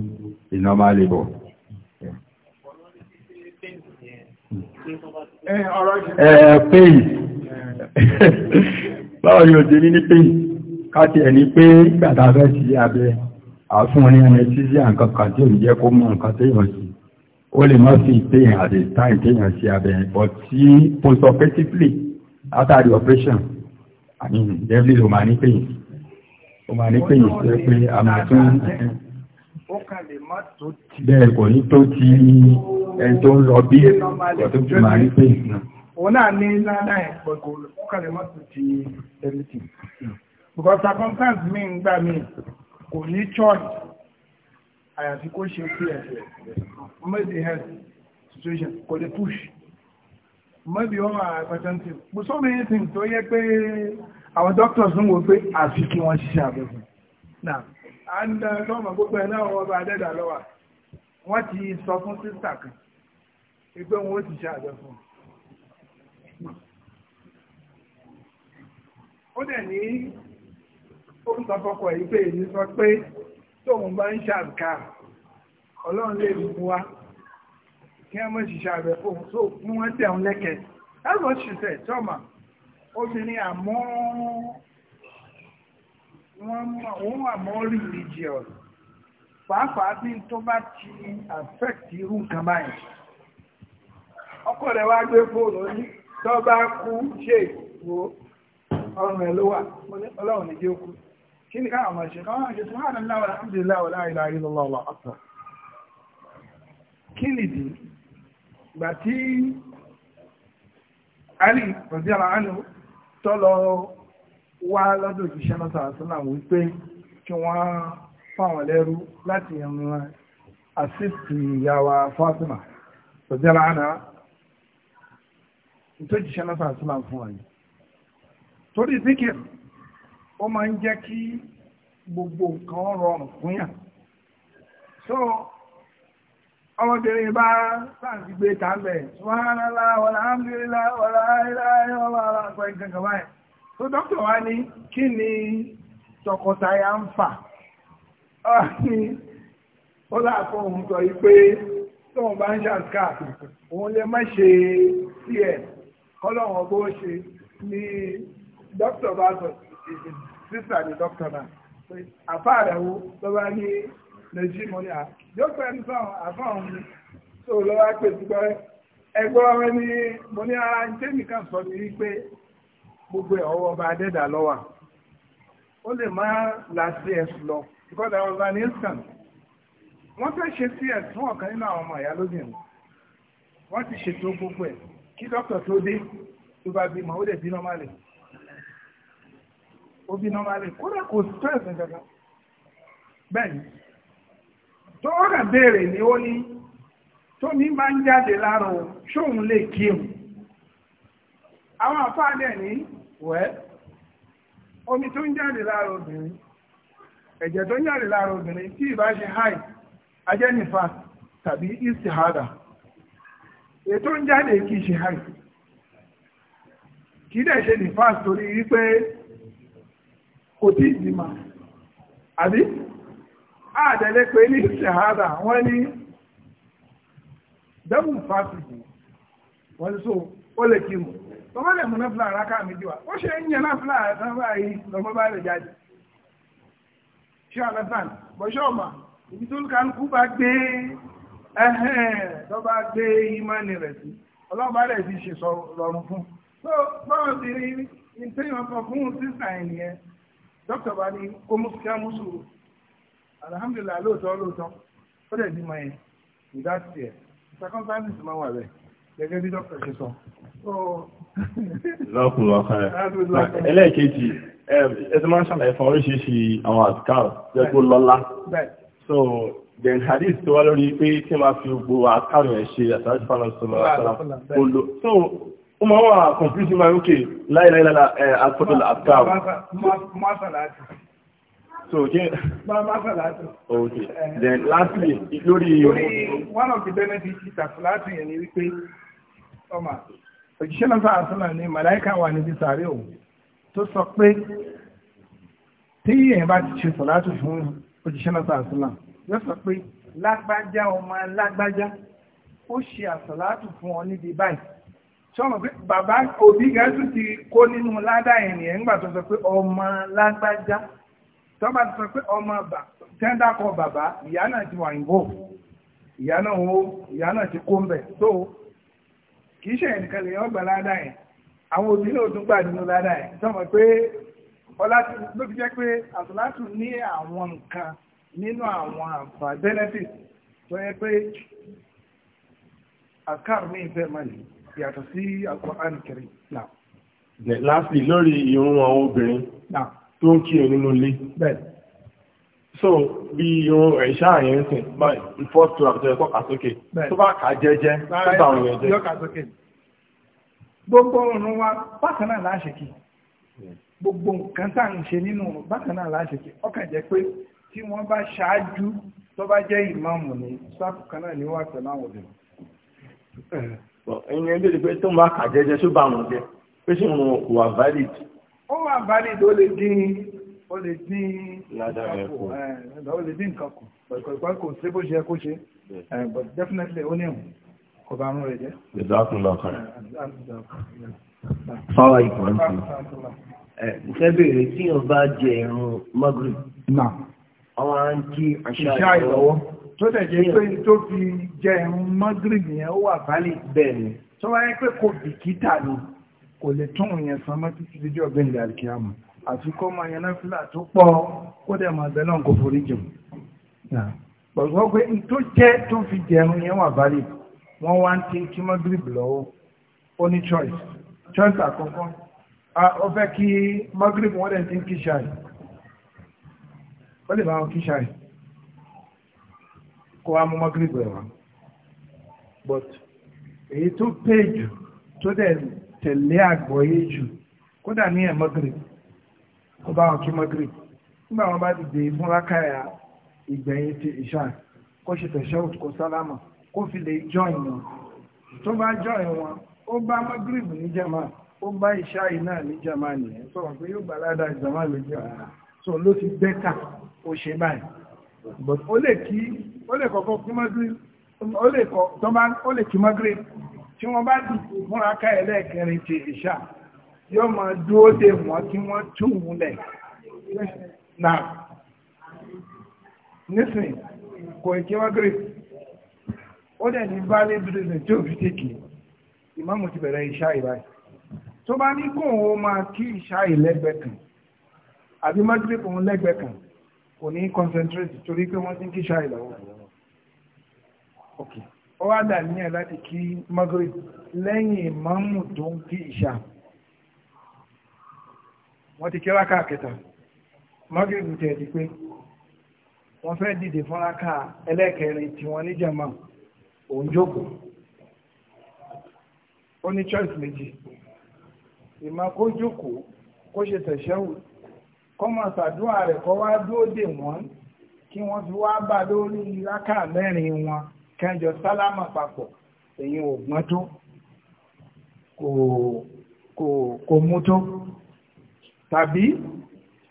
a normal labour. pẹ́yì báwo ni òjò ní ní pẹ́yì káti ẹni pé gbàtà fẹ́ sí abẹ́ àfún ní ẹni tí sí àǹkan kan tí ò ní jẹ́ kó mọ̀ nǹkan tí èèyàn sí ó lè mọ́ sí pẹ́yìn àti táì téèyàn sí abẹ́ but tí postoperatively látàrí operation àmì devil o máa ní pẹ́yìn ó máa ní pẹ́yìn sí pé a máa tún bẹ́ẹ̀ kò ní tó ti ẹni tó ń lọ bí ọ̀tọ́ tó máa rí pé ìsìn òun náà ní ládà ẹ̀ pẹ̀kọ̀ kọ́lẹ̀ mọ́tò ti ẹ̀lẹ́tì because circumstance mi ń gbà mí kò ní choice àyàfi kó ṣe pé ẹ̀ mẹ́bí health situation kò lè push mẹ́bí ọmọ àgbàjáǹtì kò so many things tó yẹ pé àwọn doctors ń wo pé àfi kí wọ́n ṣiṣẹ́ àbẹ̀fẹ̀ now and uh, lọ́mọ gbogbo ẹ̀ náà wọ́n bá dẹ́dà lọ́wọ́ wọ́n ti sọ fún sísà kan ìgbẹ́ wọn ti ṣe àbẹ̀ fún un. dẹ̀ ní ó ń èyí sọ pé tóun bá ń ṣàǹkà ọlọ́run lè mú wa kí wọ́n mọ̀ ṣiṣẹ́ àbẹ̀ fún tó mú wọ́n tẹ̀ ń lẹ́kẹ̀ẹ́. that's what tọ́mà obìnrin àmọ́ wọ́n wà mọ́ religious pàápàá bí tó bá ti affect irú nǹkan báyìí. ọkọ rẹ̀ wá gbé fóònù ní tó bá kú ṣe ìwò ọrùn rẹ̀ ló wà ọlọ́run ní jẹ́ kí ní káwọn ṣe káwọn ṣe tó hàn náà alhamdulillah wà láàrin ọ̀tọ̀ kí tí Ali ara tó lọ wá lọ́dọ̀ wípé kí wọ́n fáwọn lẹ́rú láti àṣìṣì ìyàwó ara tó jíṣẹ́ náà sàásùlà fún wa yìí torí zikir ó máa ń jẹ́ kí gbogbo nǹkan rọrùn fún so ọmọbìnrin bá sáàtì gbé tàbẹ̀ subhanallah walhamdulillah wala ilaha illallah àpẹ gangan báyìí so dókítà wa ní kí ni tọkọtaya ń fà ó láàpọ̀ òun sọ yìí pé tóun bá ń ṣàǹkà òun lè má ṣe cn kọ́lọ́wọ́n bó ṣe ní dókítà bá sọ sísà ní dókítà náà àfáà rẹ̀ wo ló bá ní lẹ́jí mo ní à yóò pẹ́ ní fáwọn àfáà mi tó lọ́wọ́ pé dúpẹ́ ẹgbẹ́ wọn ní mo ní ara ń tẹ́ nìkan sọ ní wípé gbogbo ọwọ́ ọba adẹ́dà lọ́wà ó lè má láti ẹ̀sùn lọ because I was an instant wọ́n fẹ́ ṣe sí ẹ̀sùn ọ̀kan nínú àwọn ọmọ ìyá lóbìnrin wọ́n ti ṣètò gbogbo ẹ̀ kí dókítà tó dé tó bá bímọ ó dẹ̀ bí nọ́málì ó bí nọ́málì kódà kò stress nǹkan bẹ́ẹ̀ni tó ọ̀gá béèrè ni ó ní tó ní máa ń jáde lára o ṣóun lè kírun àwọn àfáàdẹ̀ ní wẹ́ omi tó ń jáde lára obìnrin ẹ̀jẹ̀ tó ń jáde lára obìnrin tí ìbá ṣe háì ajẹ́nifà tàbí istihada ètò ń jáde kìí ṣe hàì kìí dẹ̀ ṣe nìfàs torí wípé kò tí ìdìmà àbí àdẹ̀lẹ́ pé ní ṣàhádà wọ́n ní dẹ́mùn fásitì wọ́n ní so ó lè kí mù lọ́mọ lè mú náfìlà àrákà méjì wá ó ṣe ń yẹ náfìlà àtàwà yìí lọ́mọ bá lè jáde ṣé àlẹ́fàn bọ́ṣọ́ ọ̀mà ibi tó ń kálukú bá gbé ẹ̀hẹ́n tó bá gbé ìmánì rẹ̀ sí ọlọ́ọ̀bá rẹ̀ ti ṣe sọ̀rọ̀ fún so báwo ti rí ní tí wọ́n kọ fún sísà ẹ̀nìyẹn dókítà bá ní kó mú kíá mú sùúrù alhamdulilah lóòótọ́ lóòótọ́ ó dẹ̀ bímọ yẹn without fear circumstances máa wà bẹ́ẹ̀ gẹ́gẹ́ bí dókítà ṣe sọ. lọ́kùnrin ọ̀kan ẹlẹ́ẹ̀kejì ẹ ti máa ń ṣàlàyé fún oríṣiríṣi àwọn àtikáà jẹ́ kó lọ́lá so then hadith tó wá lórí pé tí ma fi gbogbo àkàrò ẹ̀ ṣe àtàrí fàlọ́ sọ̀rọ̀ àtàrà polo so ó máa wà confusing my okay láìláìlá ma àtọ́dọ̀ àkàrò. so again okay then lastly lórí. one of the benefits is that láti yẹn ni wípé ọmọ òjíṣẹ́ náà sáà sọ́nà ni màláìka wà níbi sàárẹ̀ òun tó sọ pé tí èèyàn bá ti ṣe sọ̀láàtù fún òjíṣẹ́ náà sáà sọ́nà yóò sọ pé lágbájá ọmọ lágbájá ó ṣe àsàlátù fún ọ níbi báyìí sọ́mọ̀ pé bàbá òbí gẹ́gẹ́ tún ti kó nínú ládà ẹ̀yìn ẹ̀ ńgbà tó sọ pé ọmọ lágbájá tọ́ba ti sọ pé ọmọ bà tẹ́ńdà kọ bàbá ìyá náà ti wà ìbò ìyá náà ó ìyá náà ti kó ń bẹ̀ tó kì í ṣe ẹnìkan lè yọ gbà ládà ẹ̀ àwọn òbí náà tún gbà nínú ládà ẹ̀ sọ́mọ̀ pé ọlá ló fi jẹ́ pé àsàlátù ní àwọn nǹkan nínú àwọn àǹfà benefit tó yẹ pé àkàrù ní ìfẹ́ mọ́lẹ̀ yàtọ̀ sí Al-Qur'an Karim náà. láti lórí irun àwọn obìnrin tó ń kí nínú ilé. so bí irun ẹ̀ṣá yẹn sìn báyìí first two àti ẹ̀kọ́ kàsókè tó bá kà jẹ́jẹ́ tó bá àwọn yẹn jẹ́. gbogbo ọ̀run wa bákan náà láṣẹ kí gbogbo nǹkan tá à ń ṣe nínú bákan náà láṣẹ kí ọkàn jẹ́ pé tí wọ́n bá ṣáájú tó bá jẹ́ ìmáàmù ní sáfù kan náà ní wàá pẹ̀lú àwọn obìnrin. ẹ̀yin ẹgbẹ́ pé tó ń bá kà jẹ́jẹ́ tó bá wọn jẹ pé sì wọn kò wà valid. ó wà valid ó lè dín ó lè dín nǹkan kù ó pẹ̀lú kò sí bó ṣe kó ṣe but definitely ó ní ìwọ̀n kò bá ń rẹ̀ jẹ́. ìdákùnlá kan. fáwọn ìkànnì. ẹ ṣẹ́bẹ̀rẹ̀ tí o jẹ irun magrib àwọn àǹtí ìṣá ìlọ́wọ́ tó tẹ̀jẹ́ pé tó fi jẹ ẹ̀rùn mọ́gírìbì yẹn ó wà fálì bẹ́ẹ̀ni tó wáyé pé kò bìkítà ni kò lè tún yẹn san mọ́ títí dídí ọ̀gbìn ilẹ̀ àríkíámù àti kọ́ máa yẹn náfìlà tó pọ̀ kó dẹ̀ máa bẹ̀ náà kò forí jù pọ̀gbọ́ pé tó jẹ́ tó fi jẹ ẹ̀rùn yẹn wà fálì wọ́n wá ń choice choice àkọ́kọ́ ó fẹ́ kí mọ́gírìbì wọ́n dẹ̀ ti ń ó lè bá wọn kí ṣáì kó wá mú mọ́gírìbù ẹ̀wà but èyí tó pé jù tó dẹ̀ tẹ̀lé àgbọ̀yé jù kódà ní ẹ̀ mọ́gírìbù kó bá wọn kí mọ́gírìbù nígbà wọn bá dìde fún lákàyà ìgbẹ̀yìn ti ìṣáì kó ṣe tẹ̀ṣẹ́ òtù kó sálámà kó fi lè jọyìn wọn tó bá jọyìn wọn ó bá mọ́gírìbù ní jẹ́mà ó bá ìṣáì náà ní jẹ́mà nìyẹn sọ̀rọ̀ pé yóò gbà ládàá ìjọba lójú ààrà so ló ti bẹ́tà ó ṣe báyìí but ó lè kí ó lè kọ́kọ́ kí mọ́gírí ó lè kọ́ tó bá ó lè kí mọ́gírí tí wọ́n bá dì múra ká ẹlẹ́ẹ̀kẹrin ti ìṣà yóò máa dúró dè wọ́n kí wọ́n tún un lẹ̀ náà nísìn kò kí mọ́gírí ó dẹ̀ ní valid reason tí ò fi tèkì ìmáàmù ti bẹ̀rẹ̀ ìṣá ìbáyìí tó bá ní kóun ó máa kí ìṣá ìlẹ́gbẹ̀ẹ́ kan àbí mọ́gírí kòun lẹ́gbẹ̀ẹ́ kan kò ní concentrate torí pé wọ́n ti ń kí ṣáà ìlàwọ́ ó wá dà níyàn láti kí Maghrib lẹ́yìn ìmáàmù tó ń kí ìṣà wọ́n ti kẹ́wàá káàkẹta Maghrib tẹ̀ di pé wọ́n fẹ́ dìde fúnra ká ẹlẹ́ẹ̀kẹrin tí wọ́n ní jama òun jókòó ó ní choice méjì ìmọ̀ kó jókòó kó ṣe tẹ̀síọ́wò kọ́mọ ṣàdúrà rẹ̀ kọ́ wá dúró dè wọ́n kí wọ́n fi wá bá lórí rákà mẹ́rin wọn kẹjọ sálámà papọ̀ èyí ò gbọ́n tó kò kò kò mú tó tàbí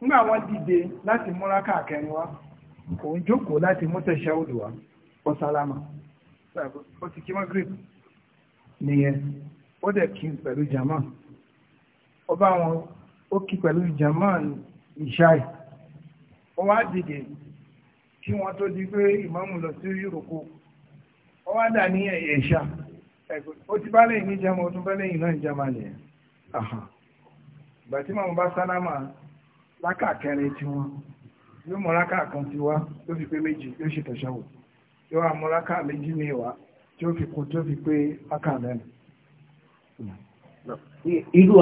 nígbà wọ́n dìde láti mú rákà kẹrin wá òun jókòó láti mú tẹ̀sẹ̀ òdò wá ó sálámà ó ti kí wọ́n grip nìyẹn ó dẹ̀ kí pẹ̀lú jama ó bá wọn ó kí pẹ̀lú jama ìṣáì ó wá dìde kí wọ́n tó di pé ìmáàmù lọ sí yúròkó ó wá dà ní ẹ̀ṣà ó ti bá lẹ́yìn ní ọdún bá lẹ́yìn náà ń jẹun alẹ́ ìgbà tí bá sálámà lákà tí wọ́n yóò kan ti wá tó méjì ṣe tẹ̀sán wò yóò méjì fi fi pé mẹ́rin irú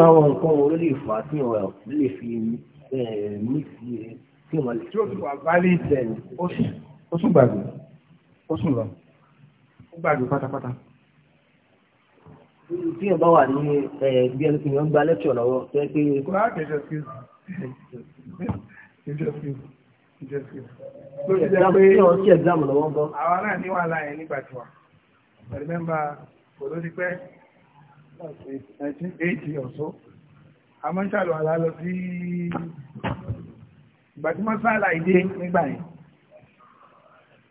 ní ti tí wọ́n lè. tí ó ti wà válé ìtẹ̀lẹ̀ ó sùn gbàgbé ó sùn lọ ó gbàgbé pátápátá. tí yóò bá wà ní bí ẹni tí wọ́n gba lẹ́kṣọ̀ lọ́wọ́ fẹ́ pé. kò á kẹsẹ̀ sí i tó yẹ pé tí ẹ̀gbámù lọ́wọ́ gan. àwa náà ní wàhálà yẹn nígbà tí wà pẹ̀lú mẹ́mbà kò ló ti pẹ́ 1980 or so a mọ́ ń ṣàlọ̀ àlá lọ sí ìgbà tí wọ́n sáàlà ìdé nígbà yẹn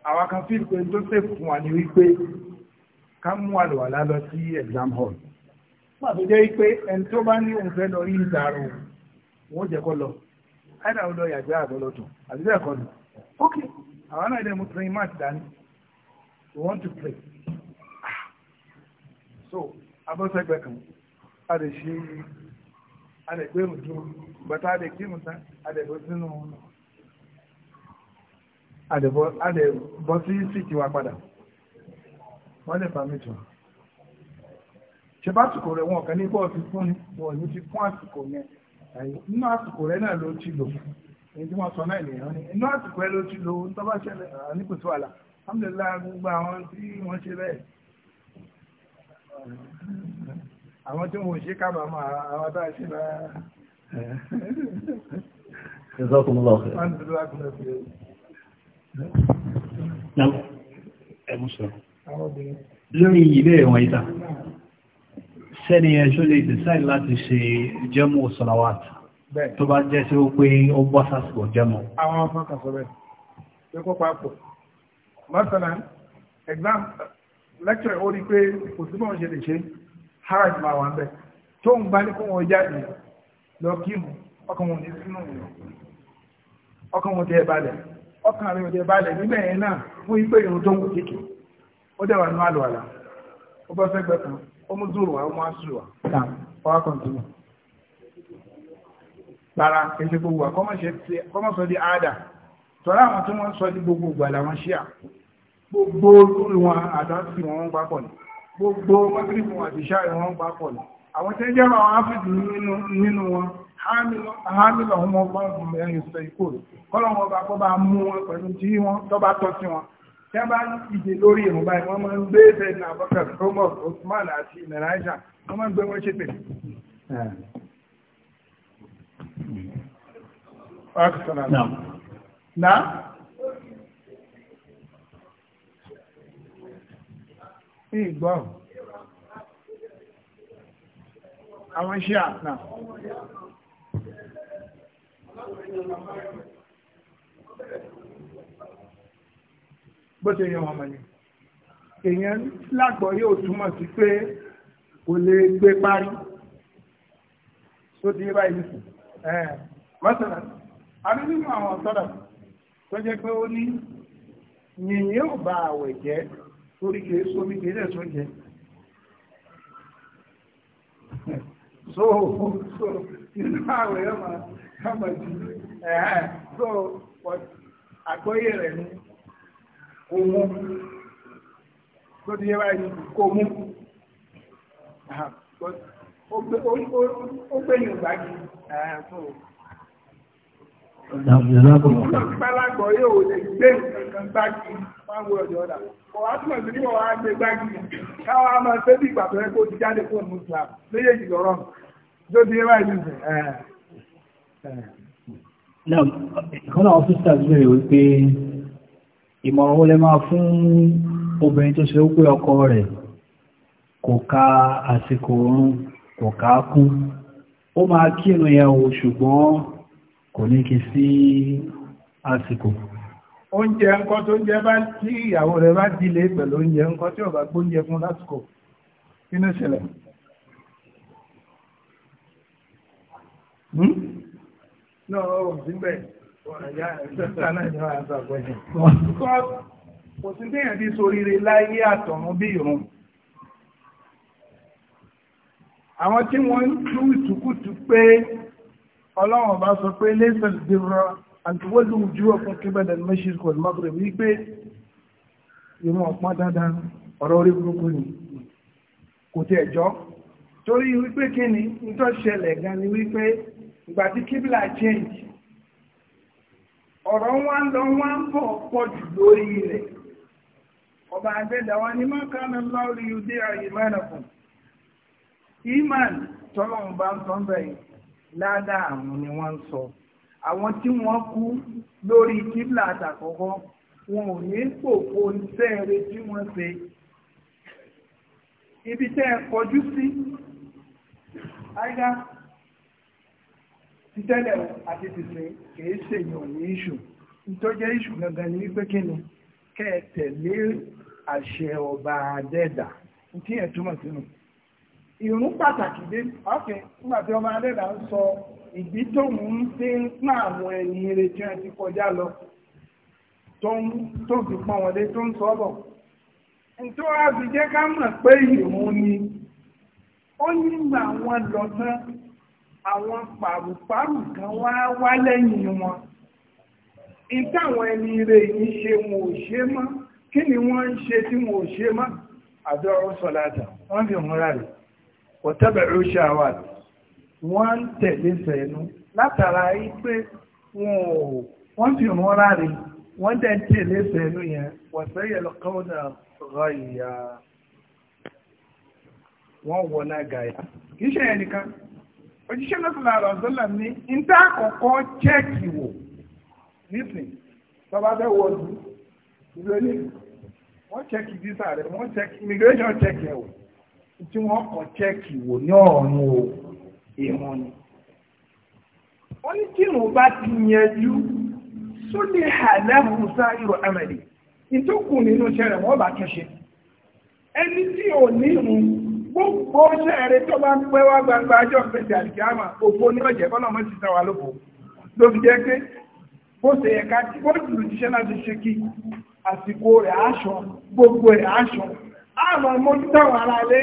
àwọn kan fi pé tó ṣe fún wa ní wípé ká mú àlọ̀ àlá lọ sí exam hall nígbà tó jẹ́ wípé ẹni tó bá ní òun fẹ́ lọ rí ìdàrú wọ́n jẹ́ kó lọ ẹ̀dà ó lọ yàgbẹ́ àti bẹ́ẹ̀ kọ́ lọ ok àwọn náà dẹ̀ mú train match dání we want to pray ah. so abọ́sẹ̀gbẹ̀ kan a lè ṣe a lè gbé ìrùn dúró bàtà a lè kí ìrùn tán a lè bọ́ sínú a lè bọ́ sí síìtì wa padà wọ́n lè fa mẹ́tọ̀ ṣe bá àsìkò rẹ̀ wọn kàn ní bọ́ọ̀ ti fún wọn ní ti fún àsìkò yẹn nínú àsìkò rẹ̀ náà ló ti lò èyí tí wọ́n sọ náà nìyẹn ni inú àsìkò rẹ̀ ló ti lò ń tọ́ ṣẹlẹ̀ nípòtò àlà alhamdulillah gbogbo àwọn tí wọ́n ṣe bẹ́ẹ̀ àwọn tí wọ́n ṣe kábà máa àwọn bá ṣe bá lórí ilé ìwọ̀n ìta sẹ́ni ẹjọ́ lè dẹ̀sáì láti ṣe jẹ́mù sọ̀làwàtì tó bá jẹ́ sí ó pé ó bá sásìkò jẹ́mù àwọn ọmọ kan sọ bẹ́ẹ̀ tó kọ́ mọ́sánà exam lecture ó pé kò símọ̀ ṣe lè ṣe haraj máa wà ń bẹ̀ tó ń bá ní kó wọn jáde lọ kí mu ọkàn wọn ní sínú wọn ọkàn wọn tẹ balẹ̀ ọkàn rẹ̀ tẹ balẹ̀ níbẹ̀ yẹn náà fún ipé ìrùn tó ń kéèké ó dẹ̀ wà nínú àlà ó bọ́ ó mú wa ó mú wa gbogbo wa sọ di àádà tọ́lá àwọn tí wọ́n sọ di gbogbo gbogbo mọ́tírìmù àdìṣà ìwọ̀n papọ̀ lọ àwọn tí ń jẹ́ àwọn áfíìdì nínú wọn hàmìlọ̀ ọmọ ọgbọ́n ẹ̀yìn sọ ikú kọ́lọ̀wọ́n bá kọ́ bá mú wọn pẹ̀lú tí wọ́n tọ́ bá tọ́ sí wọn tí a bá ìdè lórí ìrùn báyìí wọ́n máa ń gbé bẹ́ẹ̀ni abọ́kà romo Osman àti nàìjíríà wọ́n máa ń gbé wọ́n ìgbọ́ àwọn iṣẹ́ àpá bó ṣe yàn wọn mọ̀ ní èèyàn lágbọ́ yóò túmọ̀ sí pé kò lè gbé parí tó ti yé báyìí nìsín mọ́sánà àbí nínú àwọn ọ̀tọ́dà tó jẹ́ pé ó ní yìnyín ò bá àwẹ̀ jẹ́ torí kìí sómi kìí dẹ̀ tó so so inú àwẹ̀ yọ máa kàmà so àgbọ́yé rẹ̀ ní kò tó ti báyìí kò mú ah, ó gbé yorùbá eh, so. Ìpálágbọ̀ yóò lè gbé nǹkan gbági fáwọn ọ̀dọ̀ ọ̀dà. Kọ̀ wá túnmọ̀ sí níwọ̀n wá gbé gbági. Káwàá máa ṣe bí ìgbà tó rẹ́ kó ti jáde fún ọmọ ìgbà méjèèjì lọ́rọ̀. Jó di ẹwà ìlú ìfẹ̀. Náà, ìkan náà ọ́fíìsà bèèrè wípé ìmọ̀ràn wo lẹ máa fún obìnrin tó ṣe wípé ọkọ rẹ̀ kò ka àsìkò oorun, kò ní kí sí àsìkò oúnjẹ ǹkan tó jẹ bá tí ìyàwó rẹ̀ bá dílé pẹ̀lú oúnjẹ ǹkan tí ó bá gbóúnjẹ fún lásìkò nínú ìṣẹ̀lẹ̀ hmm? náà ó síbẹ̀ kò sí bẹ́yàn bí soríire láyé àtọ̀run bí ìrun àwọn tí wọ́n ń tú ìtùkùtù pé ọlọ́run bá sọ pé lẹ́sẹ̀l dìrọ̀ àti wọ́lú ojú ọkùn kíbẹ̀lẹ̀ mẹ́ṣíṣ kò lọ́gbẹ̀rẹ̀ wípé ìwọ̀n ọ̀pọ̀ dáadáa ọ̀rọ̀ orí burúkú ni kò tẹ̀ jọ́ torí wípé kí ni nítorí ṣẹlẹ̀ gan ni wípé ìgbà tí kíbìlà change ọ̀rọ̀ wá ń lọ wá ń bọ̀ pọ̀ jù lórí rẹ̀ ọba àgbẹ̀dà wa ni máa kánà lọ́rí ìdí àyè mẹ́rin fún ìmàn tọ́lọ́run bá ń tọ́ bẹ́yìn ládà àwọn ni wọ́n ń sọ àwọn tí wọ́n kú lórí kíbla àtàkọ́kọ́ wọn ò ní pòpò sẹ́ẹ̀rẹ̀ tí wọ́n ṣe ibi tẹ́ ẹ kọjú sí àìdá títẹ́lẹ̀ àti tìsẹ̀ kìí ṣe èèyàn ní ìṣù nítọ́jẹ́ ìṣù gangan ní wípé kí ni kẹ́ ẹ tẹ̀lé àṣẹ ọba adẹ́dà tí ẹ̀ túmọ̀ sínú ìrún pàtàkì dé ọ́kẹ́ nígbàtí ọmọ adẹ́dà ń sọ ìdí tó mú ń tí ń pán àwọn ẹ̀yìn eré tí wọ́n ti kọjá lọ tó fi pọ́n wọlé tó ń sọ́bọ̀ tó wá fi jẹ́ ká mọ̀ pé ìrún ni ó nígbà wọn lọ tán àwọn pàrùpàrù kan wá wá lẹ́yìn wọn ìtàwọn ẹni rẹ̀ yìí ṣe wọn ò ṣe mọ́ kí ni wọ́n ń ṣe tí wọn ò ṣe mọ́ àbẹ́ ọ̀rọ̀ sọ̀lá àtà wọ́n fi hùn rà rẹ̀ wọ́tẹ́bẹ̀rẹ̀ ó ṣe àwọn àti wọ́n ń tẹ̀lé sẹ́nu látara pé wọn ò wọ́n fi wọ́n ráre wọ́n dẹ̀ ń tẹ̀lé sẹ́nu yẹn wọ́sẹ̀ yẹn lọ kọ́ náà rọ ìyá wọ́n wọ náà gàyà kì í ṣe yẹn nìkan òjíṣẹ́ wọ́n chẹ́ẹ̀kì visa rẹ̀ wọ́n chẹ́ẹ̀kì immigration chẹ́ẹ̀kì ẹ̀ tí wọ́n kọ̀ chẹ́ẹ̀kì wò ní ọ̀run o ìrun ni wọ́n ní tí ìrun bá ti yanjú sólè àlẹ́hùn sáà ìrò amẹ̀lì ìtókù nínú iṣẹ́ rẹ̀ wọ́n bá túnṣe ẹni tí ò ní ìrun gbogbo iṣẹ́ rẹ̀ tó bá ń pẹ́ wá gbangba ajọ́ pẹ̀sẹ̀ àdìgáàmà òfo ní ọ̀jẹ̀ bọ́nà mọ́ ti sáwà lóko ló fi jẹ́ pé bó ṣe yẹ ká tí wọ́n ti lù jíṣẹ́ láti ṣe kí àsìkò rẹ̀ aṣọ gbogbo rẹ̀ aṣọ àmọ́ mọ́jú táwọn ará ilé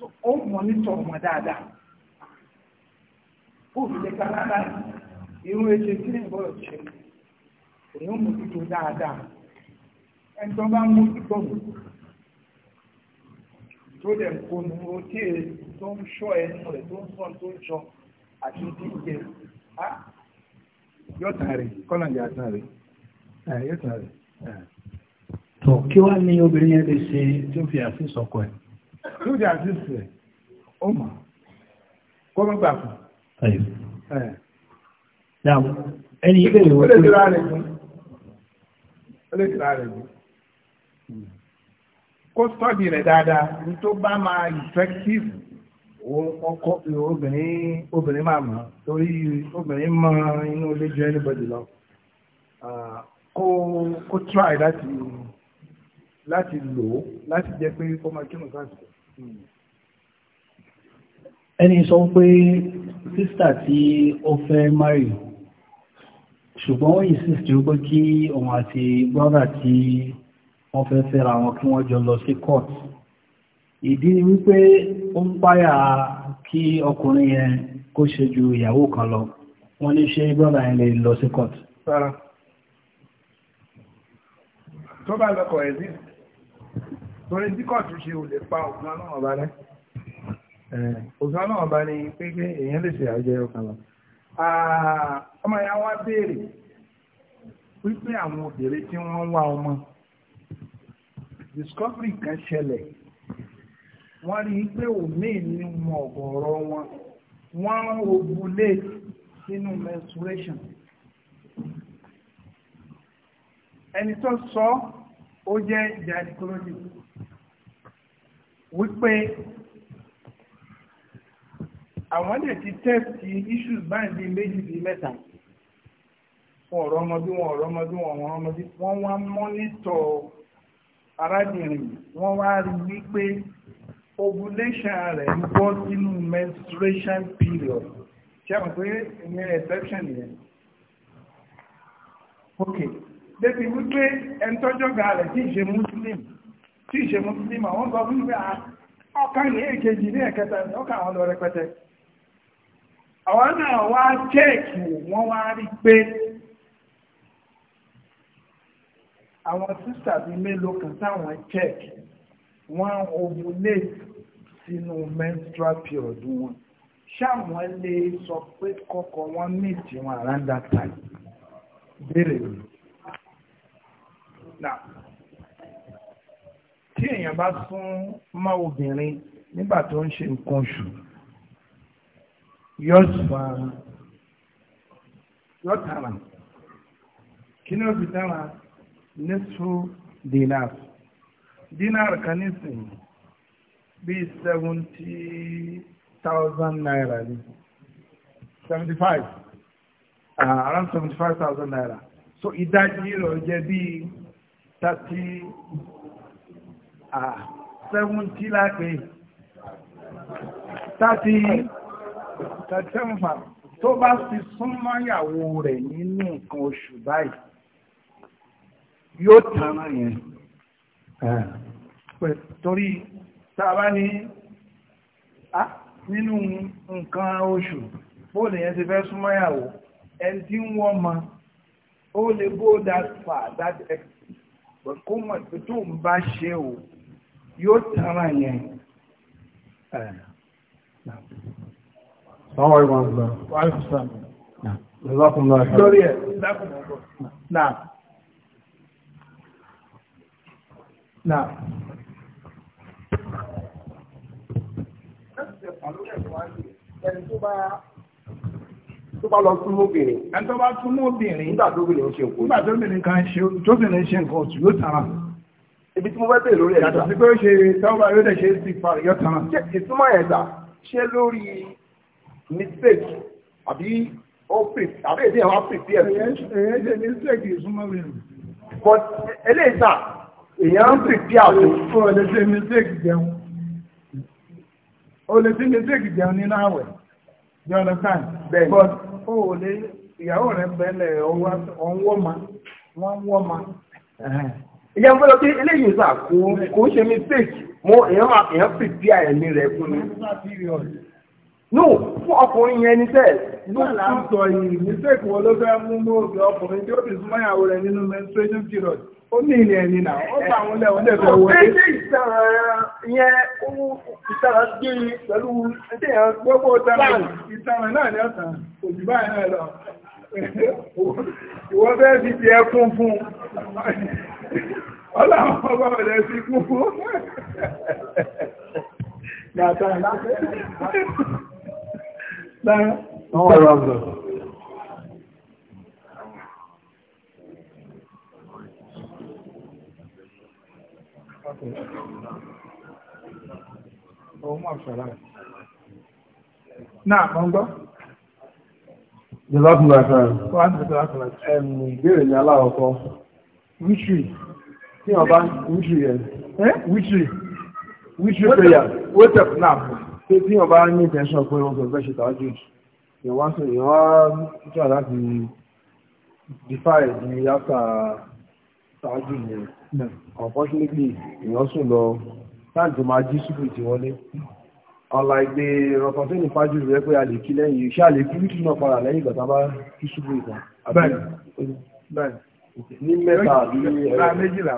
ó mọ̀nítọ̀ wọn dáadáa ó fi lè kára láì irú ẹ̀ṣẹ̀ tí lè gbọ́dọ̀ ṣe èyí ó mójútó dáadáa ẹni tó bá mójútó mi tó dẹ̀ kó nu oké tó ń ṣọ́ ẹnu rẹ̀ tó ń sọ tó ń sọ àti tí ń jẹ yọ̀tà rẹ̀ kọ́nà ìyá tà rẹ̀ yọ̀tà rẹ̀. tọ́ kí wàá ní obìnrin yẹn lè ṣe tí ó fi àfihàn sọkọ ẹ̀ tó jà sí sẹ̀ ó mọ̀ kó mọ́ gbà fún. ẹni ilé ìwé tó ó lè jìra rẹ̀ gùn kó sọ́ọ̀dì rẹ̀ dáadáa ní tó bá máa effective ọkọ obìnrin máa mọ̀ torí obìnrin mọ inú ilé ju anybody lọ kó kó try láti láti lò ó láti jẹ́ pé kó máa kírun káàkiri ẹni sọ pé sísà tí ó fẹ́ mari ṣùgbọ́n ó insist wípé kí òun àti brother tí wọ́n fẹ́ fẹ́ra wọn kí wọ́n jọ lọ sí court ìdí ni wípé ó ń páyà kí ọkùnrin yẹn kó ṣe ju ìyàwó kan lọ wọ́n ní ṣe brother yẹn lè lọ sí court. tó bá lọ́kọ̀ exist torí tí kọ̀tù ṣe ò lè pa òfin ọlọ́run ọba rẹ̀ òfin ọlọ́run ọba ni pé pé èèyàn lè ṣe àjẹyọ kan lọ ọmọ ìyá wa béèrè wípé àwọn obìnrin tí wọ́n ń wá ọmọ discovery kan ṣẹlẹ̀ wọ́n rí i pé òní ní mọ ọ̀gọ̀ọ̀rọ̀ wọn wọ́n ń ovulate sínú menstruation ẹni tó sọ ó jẹ́ gynecologist wípé àwọn lè ti tẹ́sì issues báyìí bíi méjì bíi mẹ́ta wọn ọ̀rọ̀ ọmọdé wọn ọ̀rọ̀ ọmọdé wọn ọ̀rọ̀ ọmọdé wọn wá mọ́nítọ̀ arábìnrin wọn wá rí wípé ovulation rẹ̀ ń bọ́ sínú menstruation period ṣé àwọn pé ìyẹn exception yẹn ok débi wípé ẹnitọ́jọ́gà rẹ̀ kì í ṣe muslim tí ìṣe mùsùlùmí àwọn sọ fún ìgbé ọkàn ní èkejì ní ẹ̀kẹta ní ọkà àwọn lọ rẹpẹtẹ àwọn náà wá chẹ́ẹ̀kì wọ́n wá rí pé àwọn sísà bíi mélòó kan táwọn chẹ́ẹ̀kì wọ́n ovulate sínú menstrual period wọn ṣáwọn lè sọ pé kọ́kọ́ wọ́n mìtì wọn around that time. Now èèyàn bá sún mọ́ obìnrin nígbà tó ń ṣe nǹkan oṣù yóò fa yóò tara kí ni ó fi tara nísú dinar dinar kan nísìnyí bíi seventy thousand naira ni seventy five around seventy five thousand naira so ìdajì rẹ̀ jẹ́ bíi thirty ah seventy lápẹ́ thirty thirty seven fa tó bá ti súnmọ́ ìyàwó rẹ̀ nínú nǹkan oṣù báyìí yóò tànà yẹn torí tàbá ní ah, nínú nǹkan oṣù bóòlù yẹn ti fẹ́ súnmọ́ ìyàwó ẹni tí ń wọ́n ma ó lè go that far that extent but kó mọ̀ tó ń bá ṣe o yóò tara yẹn. Sọ́wọ́ ìwọ̀n gbọ́. Wà á lọ sọ́wọ́. Lórí ẹ̀ lákòókò. Náà. Náà. Ẹni tó bá lọ súnmọ́ obìnrin. Ẹni tó bá súnmọ́ obìnrin. Nígbà tó obìnrin ń ṣe nǹkan Nígbà tó obìnrin kan ṣe tó obìnrin ṣe nǹkan oṣù yóò tara ibi tí mo fẹ́ bèèrè lórí ẹ̀dá. yàtọ̀ sí pé ó ṣe tọ́wọ́ yóò dẹ̀ ṣe é sí fa ìyọ́ tán. ṣé ìtumọ̀ ẹ̀dá ṣé lórí mistake àbí ó pè àbí èdè àwọn pèsè ẹ̀. èyí ṣe mistake ìsúnmọ́ mi. but eléyìí sà èèyàn ń pèsè àbò. ó lè ṣe mistake jẹun ó lè ṣe mistake jẹun nínú àwẹ̀ you understand. bẹ́ẹ̀ni but ó lè ìyàwó rẹ̀ bẹ́ẹ̀ lẹ̀ ọ̀wọ́ ma wọ́n wọ́ ma ìyẹn fẹ́ lọ pé eléyìí sà kò kò ṣe mistake mo èèyàn máa èèyàn àyẹ̀mí rẹ̀ fún mi. no fún ọkùnrin yẹn ní sẹ́ẹ̀. náà là ń sọ yìí mistake wo ló fẹ́ mú mú òbí ọkùnrin tí ó fi súnmọ́ ìyàwó rẹ̀ nínú menstruation period ó ní ilé ẹni náà ó bá àwọn ilẹ̀ ọ̀dẹ̀ fẹ́ wọlé. ẹgbẹ́ ìsàrà yẹn ó ìsàrà gbé pẹ̀lú ẹgbẹ́ ìsàrà náà ní ọ̀sán òjì báyìí náà lọ ìwọ́n fẹ́ fi ti ẹkún fún ọlá àwọn ọba ọ̀dẹ̀ sí kún fún Ọmọ àṣàrà. Náà, mọ́ ń gbọ́. Ìjọba ìbéèrè ni aláwọ̀kọ́. Wíṣì, tí ọba wíṣì ẹ̀. Wíṣì, wíṣì prayer, wait up now. Tí tí ọba ní intention pé wọ́n fẹ́ ṣe tàájú, yẹ̀ wá sí ìwá jọ láti defy ní yáta tàájú yẹn. Unfortunately, ìyọ́sùn lọ, táàjọ máa jí súpù ìtìwọlé ọ̀la ìgbé rọ̀pọ̀tẹ́nì fájú rẹ̀ pé a lè kí lẹ́yìn iṣẹ́ àlè kí wíkì náà padà lẹ́yìn ìgbà tábá kí ṣubú ìgbà. bẹ́ẹ̀ ní mẹ́ta àbí ẹ̀rọ méjìlá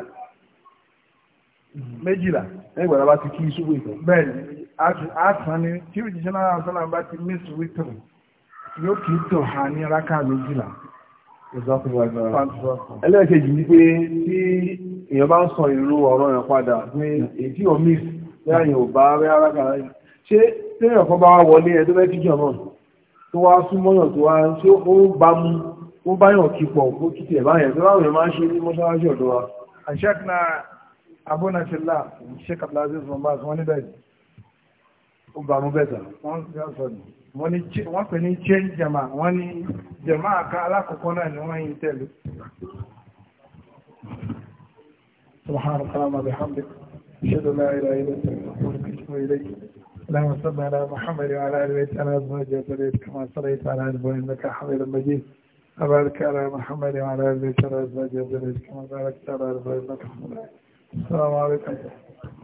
méjìlá lẹ́yìn ìgbà tábá ti kí ṣubú ìgbà. bẹ́ẹ̀ a sàn ni tí òjíṣẹ́ náà sọ́nà bá ti miss wítọ̀ pé tí èèyàn bá ń sọ ìrú ọ̀rọ̀ yẹn padà pé èyí tí ò miss bẹ́ẹ̀ yóò bá rẹ́ ṣé téèyàn kan bá wá wọlé ẹ tó fẹ́ kí jọ̀mọ́ tó wá súnmọ́yàn tó wá ṣé ó bá mú ó báyàn kí pọ̀ ó kí tiẹ̀ báyẹn tó láwọn èèyàn máa ń ṣe ní mọ́ṣáláṣí ọ̀dọ́ wa. àṣẹ́kùnà abúnafẹ́lá sheikh abdulaziz bombaz wọ́n ní bẹ́ẹ̀ ó bá mú bẹ́ẹ̀ tán. wọ́n pè ní chain jama wọ́n ní jama àká alákọ̀ọ́kọ́ náà ni wọ́n yìí tẹ̀lé. سبحانك اللهم وبحمدك اشهد ان لا اله الا انت استغفرك واتوب اليك اللهم صل على محمد وعلى ال بيت انا ازواجه وذريته كما صليت على ال بيت انك حميد مجيد وبارك على محمد وعلى ال بيت انا ازواجه وذريته كما باركت على ال بيت انك حميد السلام عليكم